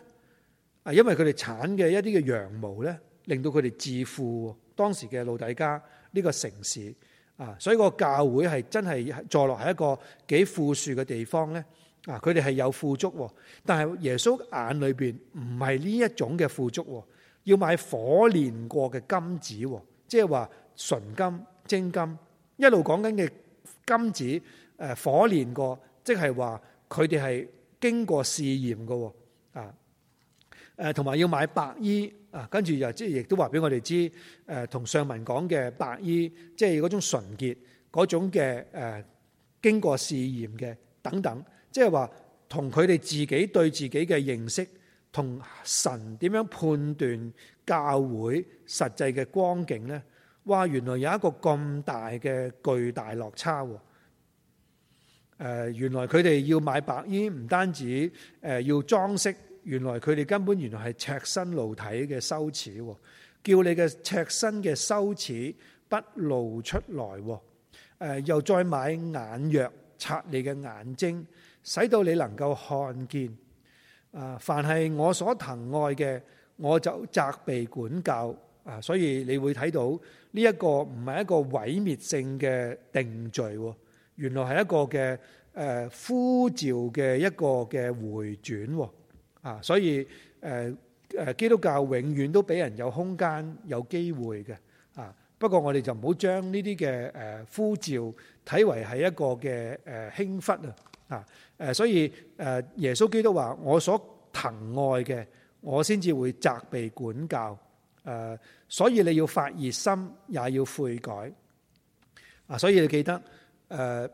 啊，因為佢哋產嘅一啲嘅羊毛呢，令到佢哋自富。當時嘅老底嘉呢個城市啊，所以個教會係真係坐落喺一個幾富庶嘅地方呢。啊！佢哋係有富足、哦，但係耶穌眼裏邊唔係呢一種嘅富足、哦，要買火煉過嘅金子、哦，即係話純金、精金，一路講緊嘅金子。誒、啊，火煉過，即係話佢哋係經過試驗嘅啊。誒、啊，同、啊、埋要買白衣啊，啊，跟住又即係亦都話俾我哋知。誒，同上文講嘅白衣，即係嗰種純潔嗰種嘅誒、啊，經過試驗嘅等等。即係話同佢哋自己對自己嘅認識，同神點樣判斷教會實際嘅光景呢？哇！原來有一個咁大嘅巨大落差。誒、呃，原來佢哋要買白衣，唔單止誒要裝飾，原來佢哋根本原來係赤身露體嘅羞恥，叫你嘅赤身嘅羞恥不露出來。誒、呃，又再買眼藥擦你嘅眼睛。使到你能夠看見，啊！凡係我所疼愛嘅，我就責備管教，啊！所以你會睇到呢一個唔係一個毀滅性嘅定罪，原來係一個嘅誒呼召嘅一個嘅回轉，啊！所以誒誒基督教永遠都俾人有空間、有機會嘅，啊！不過我哋就唔好將呢啲嘅誒呼召睇為係一個嘅誒輕忽啊，啊！誒，所以誒，耶穌基督話：我所疼愛嘅，我先至會責備管教。誒，所以你要發熱心，也要悔改。啊，所以你記得，誒，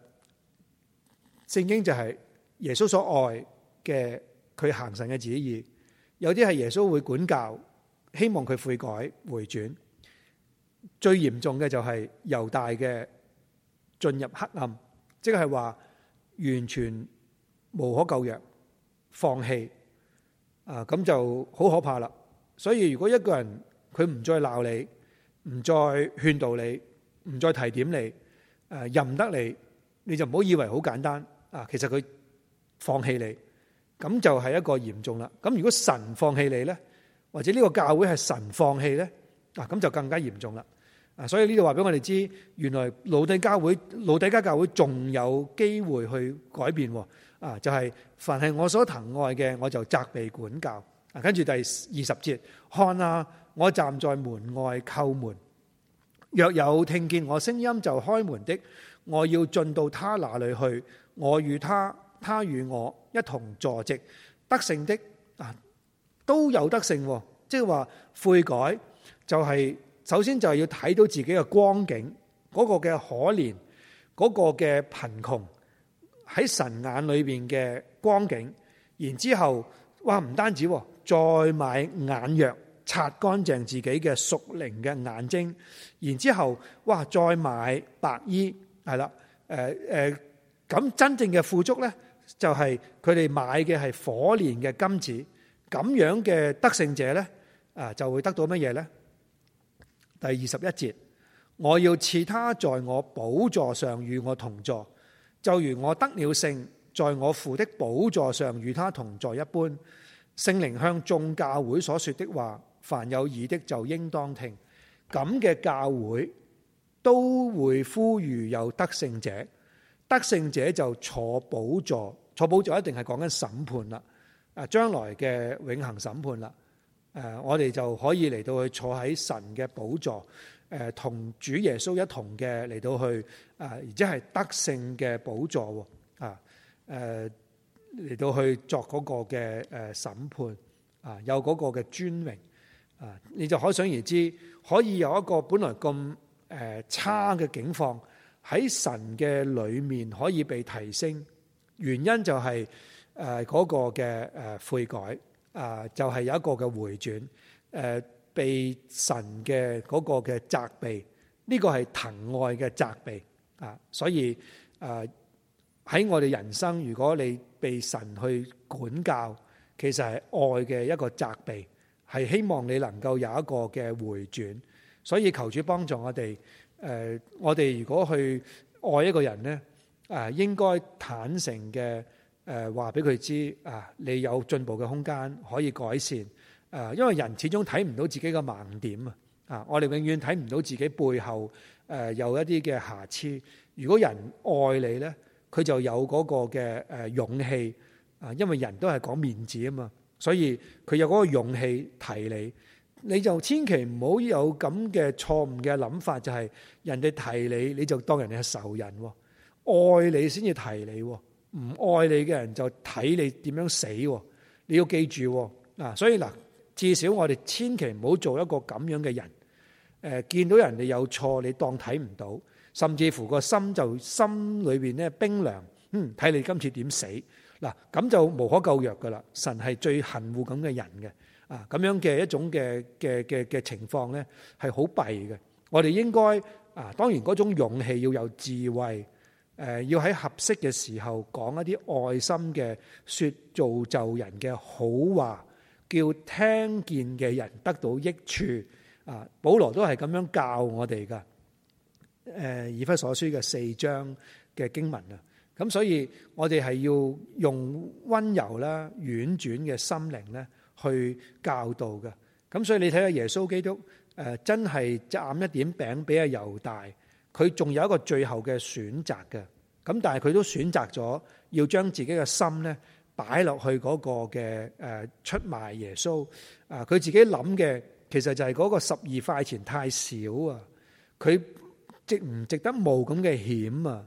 聖經就係耶穌所愛嘅，佢行神嘅旨意。有啲係耶穌會管教，希望佢悔改回轉。最嚴重嘅就係猶大嘅進入黑暗，即係話完全。無可救藥，放棄啊，咁就好可怕啦！所以如果一個人佢唔再鬧你，唔再勸導你，唔再提點你，誒，任得你，你就唔好以為好簡單啊！其實佢放棄你，咁就係一個嚴重啦。咁如果神放棄你呢，或者呢個教會係神放棄呢，啊，咁就更加嚴重啦！啊，所以呢度話俾我哋知，原來老底教會、老底家教會仲有機會去改變。啊，就係凡係我所疼愛嘅，我就責備管教。啊，跟住第二十節，看啊，我站在門外叩門，若有聽見我聲音就開門的，我要進到他那裏去，我與他，他與我一同坐席。得勝的啊，都有得勝，即係話悔改就係、是、首先就係要睇到自己嘅光景，嗰、那個嘅可憐，嗰、那個嘅貧窮。喺神眼裏邊嘅光景，然之後，哇！唔單止，再買眼藥擦乾淨自己嘅屬靈嘅眼睛，然之後，哇！再買白衣，係啦，誒、呃、誒，咁、呃、真正嘅富足呢，就係佢哋買嘅係火煉嘅金子。咁樣嘅得勝者呢，啊，就會得到乜嘢呢？第二十一節，我要賜他在我寶座上與我同坐。就如我得了勝，在我父的寶座上與他同坐一般。聖靈向眾教會所說的話，凡有耳的就應當聽。咁嘅教會都會呼籲有得勝者，得勝者就坐寶座。坐寶座一定係講緊審判啦，將來嘅永恆審判啦。我哋就可以嚟到去坐喺神嘅寶座。誒同主耶穌一同嘅嚟到去啊，而且係德性嘅補助啊，誒、啊、嚟到去作嗰個嘅誒審判啊，有嗰個嘅尊榮啊，你就可想而知，可以有一個本來咁誒、啊、差嘅境況喺神嘅裏面可以被提升，原因就係誒嗰個嘅誒悔改啊，就係、是、有一個嘅回轉誒。啊被神嘅嗰個嘅責備，呢個係疼愛嘅責備啊！所以誒喺我哋人生，如果你被神去管教，其實係愛嘅一個責備，係希望你能夠有一個嘅回轉。所以求主幫助我哋，誒，我哋如果去愛一個人呢，誒，應該坦誠嘅，誒，話俾佢知啊，你有進步嘅空間，可以改善。誒，因為人始終睇唔到自己嘅盲點啊！我哋永遠睇唔到自己背後誒有一啲嘅瑕疵。如果人愛你呢，佢就有嗰個嘅誒勇氣啊！因為人都係講面子啊嘛，所以佢有嗰個勇氣提你。你就千祈唔好有咁嘅錯誤嘅諗法，就係人哋提你，你就當人哋係仇人。愛你先至提你，唔愛你嘅人就睇你點樣死。你要記住啊！所以嗱。至少我哋千祈唔好做一個咁樣嘅人。誒、呃，見到人哋有錯，你當睇唔到，甚至乎個心就心裏邊咧冰涼。嗯，睇你今次點死嗱，咁就無可救藥噶啦。神係最恨惡咁嘅人嘅啊，咁樣嘅一種嘅嘅嘅嘅情況咧，係好弊嘅。我哋應該啊，當然嗰種勇氣要有智慧，誒、呃，要喺合適嘅時候講一啲愛心嘅、說造就人嘅好話。叫聽見嘅人得到益處啊！保羅都係咁樣教我哋噶，誒，以弗所書嘅四章嘅經文啊，咁所以我哋係要用溫柔啦、婉轉嘅心靈咧去教導嘅。咁所以你睇下耶穌基督誒，真係斬一點餅俾阿猶大，佢仲有一個最後嘅選擇嘅。咁但係佢都選擇咗要將自己嘅心咧。擺落去嗰個嘅誒出賣耶穌啊，佢自己諗嘅其實就係嗰個十二塊錢太少啊，佢值唔值得冒咁嘅險啊？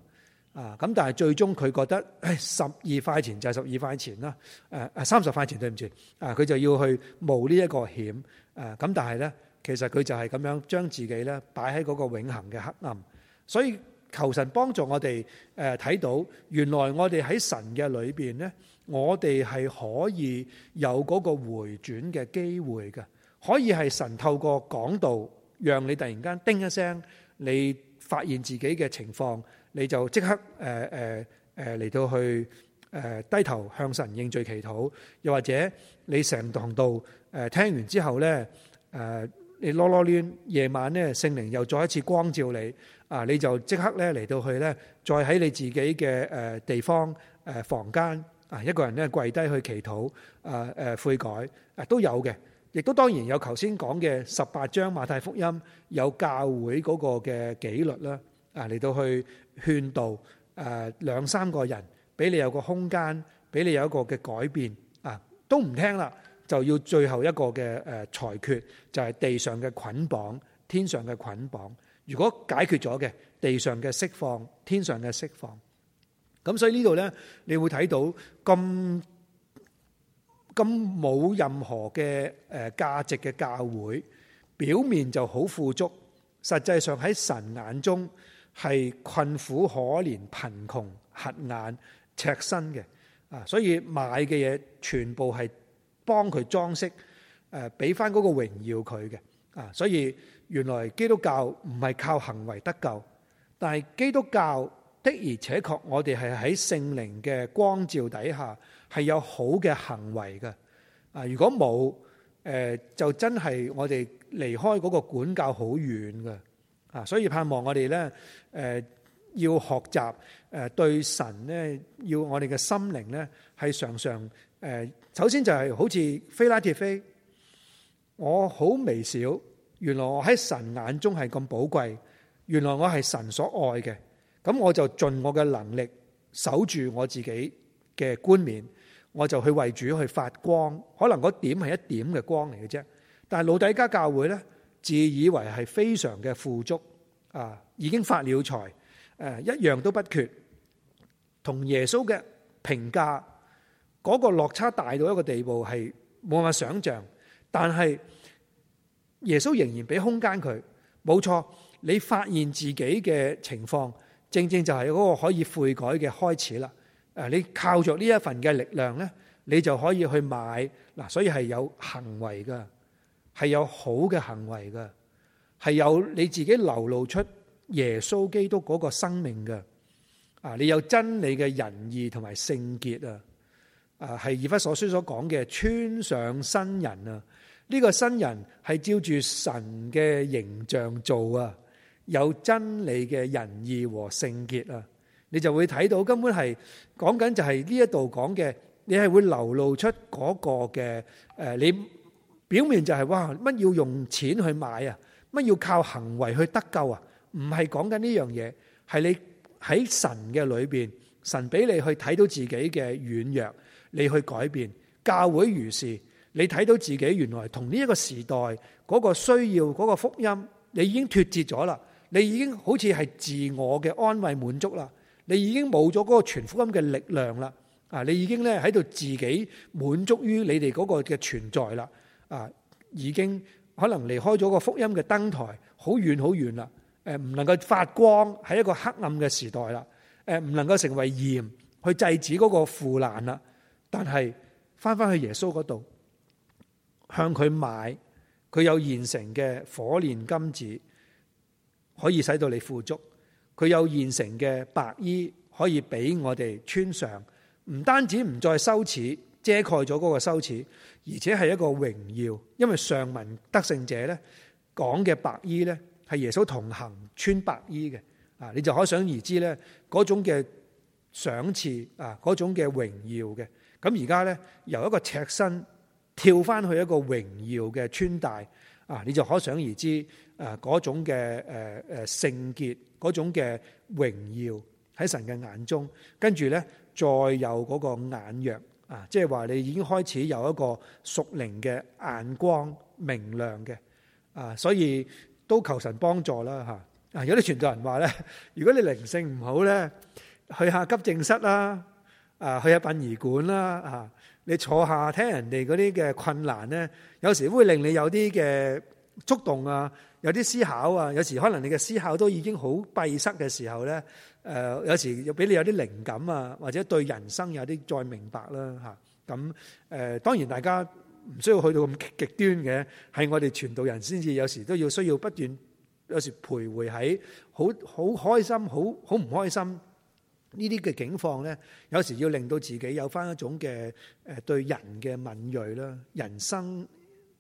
啊咁，但係最終佢覺得十二塊錢就係十二塊錢啦，誒誒三十塊錢對唔住啊，佢就要去冒呢一個險啊。咁但係呢，其實佢就係咁樣將自己呢擺喺嗰個永恆嘅黑暗。所以求神幫助我哋誒睇到原來我哋喺神嘅裏邊呢。我哋係可以有嗰個回轉嘅機會嘅，可以係神透過講道，讓你突然間叮一聲，你發現自己嘅情況，你就即刻誒誒誒嚟到去誒、呃、低頭向神認罪祈禱，又或者你成堂道誒、呃、聽完之後呢，誒、呃，你囉囉攣夜晚呢，聖靈又再一次光照你啊、呃，你就即刻咧嚟到去呢，再喺你自己嘅誒、呃、地方誒、呃、房間。一個人咧跪低去祈禱，啊誒悔改，啊都有嘅，亦都當然有頭先講嘅十八章馬太福音有教會嗰個嘅紀律啦，啊嚟到去勸導，誒兩三個人俾你有個空間，俾你有一個嘅改變，啊都唔聽啦，就要最後一個嘅誒裁決，就係地上嘅捆綁，天上嘅捆綁。如果解決咗嘅，地上嘅釋放，天上嘅釋放。咁所以呢度呢，你會睇到咁咁冇任何嘅誒價值嘅教會，表面就好富足，實際上喺神眼中係困苦、可憐、貧窮、瞎眼、赤身嘅啊！所以買嘅嘢全部係幫佢裝飾，誒俾翻嗰個榮耀佢嘅啊！所以原來基督教唔係靠行為得救，但係基督教。的而且確，我哋係喺聖靈嘅光照底下，係有好嘅行為嘅。啊，如果冇，誒就真係我哋離開嗰個管教好遠嘅。啊，所以盼望我哋咧，誒要學習，誒對神咧，要我哋嘅心靈咧係常常，誒首先就係好似非拉鐵非，我好微小，原來我喺神眼中係咁寶貴，原來我係神所愛嘅。咁我就盡我嘅能力守住我自己嘅冠冕，我就去為主去發光。可能嗰點係一點嘅光嚟嘅啫，但係老底嘉教會呢，自以為係非常嘅富足啊，已經發了財，誒，一樣都不缺。同耶穌嘅評價嗰個落差大到一個地步，係冇辦法想象。但係耶穌仍然俾空間佢，冇錯。你發現自己嘅情況。正正就係嗰個可以悔改嘅開始啦！誒，你靠著呢一份嘅力量咧，你就可以去買嗱，所以係有行為嘅，係有好嘅行為嘅，係有你自己流露出耶穌基督嗰個生命嘅啊！你有真理嘅仁義同埋聖潔啊！啊，係以弗所書所講嘅穿上新人啊！呢個新人係照住神嘅形象做啊！有真理嘅仁義和聖潔啊，你就會睇到根本係講緊就係呢一度講嘅，你係會流露出嗰個嘅。誒，你表面就係哇，乜要用錢去買啊，乜要靠行為去得救啊？唔係講緊呢樣嘢，係你喺神嘅裏邊，神俾你去睇到自己嘅軟弱，你去改變，教會如是，你睇到自己原來同呢一個時代嗰個需要嗰個福音，你已經脫節咗啦。你已經好似係自我嘅安慰滿足啦，你已經冇咗嗰個全福音嘅力量啦，啊，你已經咧喺度自己滿足於你哋嗰個嘅存在啦，啊，已經可能離開咗個福音嘅燈台，好遠好遠啦，誒，唔能夠發光喺一個黑暗嘅時代啦，誒，唔能夠成為鹽去制止嗰個腐爛啦，但係翻返去耶穌嗰度，向佢買，佢有現成嘅火煉金子。可以使到你富足，佢有現成嘅白衣可以俾我哋穿上，唔單止唔再羞恥，遮蓋咗嗰個羞恥，而且係一個榮耀，因為上文得勝者咧講嘅白衣咧係耶穌同行穿白衣嘅，啊，你就可想而知咧，嗰種嘅賞賜啊，嗰種嘅榮耀嘅，咁而家咧由一個赤身跳翻去一個榮耀嘅穿戴啊，你就可想而知。啊，嗰種嘅誒誒聖潔，嗰種嘅榮耀喺神嘅眼中，跟住咧，再有嗰個眼藥啊，即係話你已經開始有一個屬靈嘅眼光明亮嘅啊，所以都求神幫助啦嚇。啊，有啲傳道人話咧，如果你靈性唔好咧，去下急症室啦，啊，去下殯儀館啦啊，你坐下聽人哋嗰啲嘅困難咧，有時會令你有啲嘅。觸動啊，有啲思考啊，有時可能你嘅思考都已經好閉塞嘅時候咧，誒、呃、有時要俾你有啲靈感啊，或者對人生有啲再明白啦嚇。咁、啊、誒、啊，當然大家唔需要去到咁極端嘅，係我哋傳道人先至有時都要需要不斷有時徘徊喺好好開心好好唔開心呢啲嘅境況咧，有時要令到自己有翻一種嘅誒、呃、對人嘅敏鋭啦，人生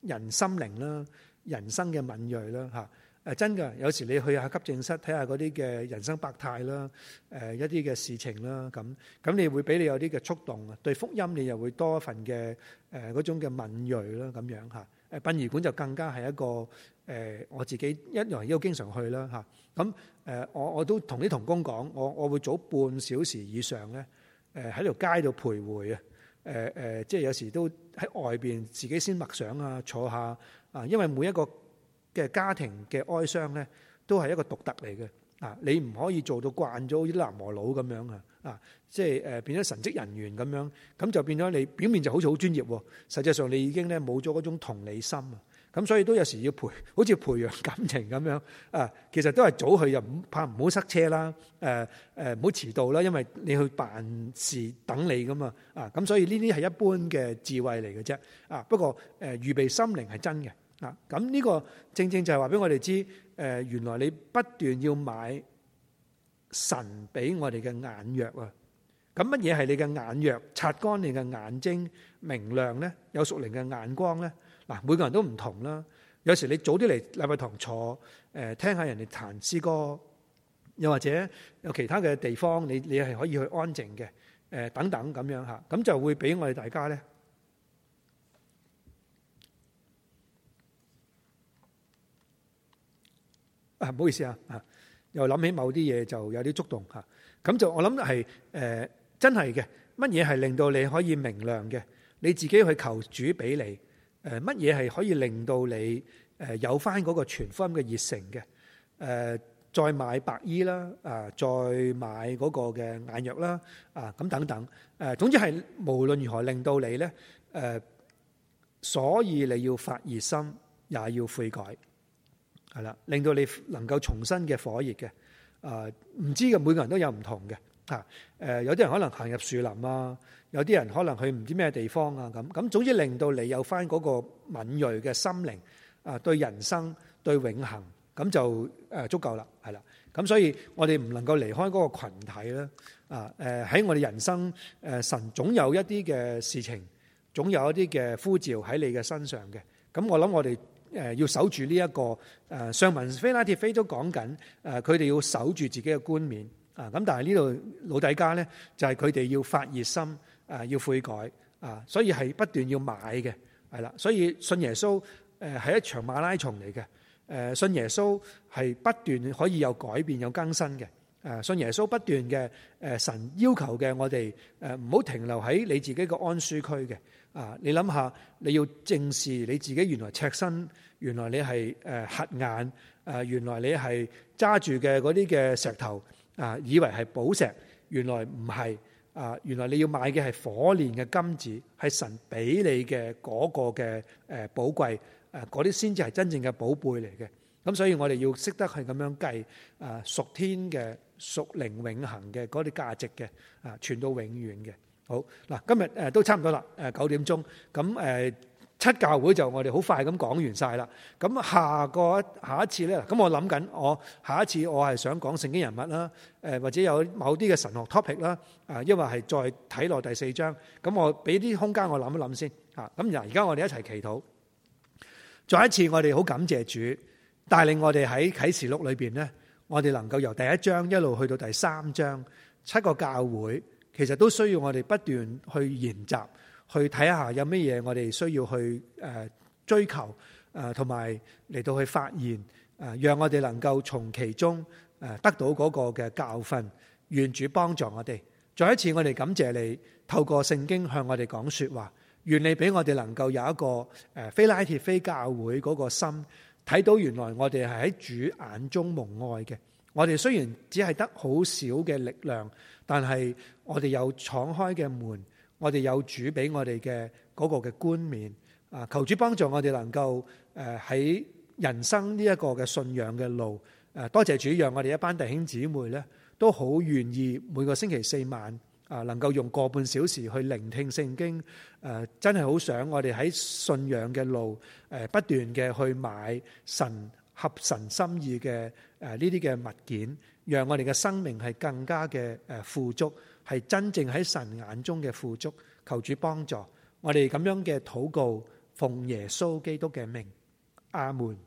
人心靈啦。人生嘅敏銳啦，嚇誒真㗎！有時你去下急症室睇下嗰啲嘅人生百態啦，誒、呃、一啲嘅事情啦，咁咁你會俾你有啲嘅觸動啊，對福音你又會多一份嘅誒嗰種嘅敏銳啦，咁樣嚇誒殯儀館就更加係一個誒、呃、我自己一樣嘢都經常去啦嚇，咁誒我我都同啲同工講，我我會早半小時以上咧誒喺條街度徘徊啊誒誒，即係有時都喺外邊自己先默想啊，坐下。啊，因為每一個嘅家庭嘅哀傷咧，都係一個獨特嚟嘅。啊，你唔可以做到慣咗，好似啲喃嘸佬咁樣啊。啊，即係誒變咗神職人員咁樣，咁就變咗你表面就好似好專業喎。實際上你已經咧冇咗嗰種同理心啊。咁所以都有時要培，好似培養感情咁樣啊。其實都係早去又唔怕唔好塞車啦。誒、啊、誒，唔好遲到啦，因為你去辦事等你噶嘛。啊，咁、啊、所以呢啲係一般嘅智慧嚟嘅啫。啊，不過誒預、呃、備心靈係真嘅。咁呢個正正就係話俾我哋知，誒原來你不斷要買神俾我哋嘅眼藥啊！咁乜嘢係你嘅眼藥？擦乾你嘅眼睛，明亮咧，有屬靈嘅眼光咧。嗱，每個人都唔同啦。有時你早啲嚟禮拜堂坐，誒聽下人哋彈詩歌，又或者有其他嘅地方，你你係可以去安靜嘅，誒等等咁樣吓，咁就會俾我哋大家咧。啊，唔好意思啊，想有啊，又諗起某啲嘢，就有啲觸動嚇。咁就我諗係誒真係嘅，乜嘢係令到你可以明亮嘅？你自己去求主俾你誒，乜嘢係可以令到你誒有翻嗰個全心嘅熱誠嘅？誒、呃，再買白衣啦，啊、呃，再買嗰個嘅眼藥啦，啊、呃，咁等等誒、呃，總之係無論如何令到你咧誒、呃，所以你要發熱心，也要悔改。令到你能夠重新的火熱，唔知每個人都有唔同的，有啲人可能行入樹林，有啲人可能去唔知咩地方，總之令到你有返嗰個敏銳的心靈，對人生，對永恆，咁就足夠了。係啦，所以我哋唔能夠離開嗰個群體，在我哋人生，神總有一啲事情，總有一啲呼召在你的身上，我諗我哋誒要守住呢、這、一個上文非拉鐵非都講緊，佢哋要守住自己嘅冠冕，啊咁！但係呢度老底嘉咧，就係佢哋要發熱心，要悔改，啊，所以係不斷要買嘅，係啦。所以信耶穌係一場馬拉松嚟嘅，誒信耶穌係不斷可以有改變有更新嘅，誒信耶穌不斷嘅神要求嘅我哋唔好停留喺你自己嘅安舒區嘅，啊！你諗下，你要正視你自己原來赤身。原來你係誒瞎眼誒，原來你係揸住嘅嗰啲嘅石頭啊，以為係寶石，原來唔係啊！原來你要買嘅係火煉嘅金子，係神俾你嘅嗰個嘅誒寶貴誒，嗰啲先至係真正嘅寶貝嚟嘅。咁所以我們要懂得這樣，我哋要識得係咁樣計誒屬天嘅屬靈永恆嘅嗰啲價值嘅啊，傳到永遠嘅。好嗱，今日誒都差唔多啦，誒九點鐘咁誒。七教會就我哋好快咁講完晒啦。咁下個下一次呢？咁我諗緊我下一次我係想講聖經人物啦、呃，或者有某啲嘅神學 topic 啦、啊，啊因為係再睇落第四章，咁我俾啲空間我諗一諗先嚇。咁而家我哋一齊祈禱。再一次我哋好感謝主帶領我哋喺啟示錄裏面呢，我哋能夠由第一章一路去到第三章，七個教會其實都需要我哋不斷去研習。去睇下有乜嘢我哋需要去誒追求誒，同埋嚟到去發現，誒，讓我哋能夠從其中誒得到嗰個嘅教訓，願主幫助我哋。再一次我哋感謝你，透過聖經向我哋講說話，願你俾我哋能夠有一個誒非拉鐵非教會嗰個心，睇到原來我哋係喺主眼中蒙愛嘅。我哋雖然只係得好少嘅力量，但係我哋有敞開嘅門。我哋有主俾我哋嘅嗰個嘅冠冕啊！求主幫助我哋能夠誒喺人生呢一個嘅信仰嘅路誒，多謝主讓我哋一班弟兄姊妹咧都好願意每個星期四晚啊，能夠用個半小時去聆聽聖經誒，真係好想我哋喺信仰嘅路誒，不斷嘅去買神合神心意嘅誒呢啲嘅物件，讓我哋嘅生命係更加嘅誒富足，係真正喺神眼中嘅富足，求主幫助我哋咁樣嘅禱告，奉耶穌基督嘅名，阿門。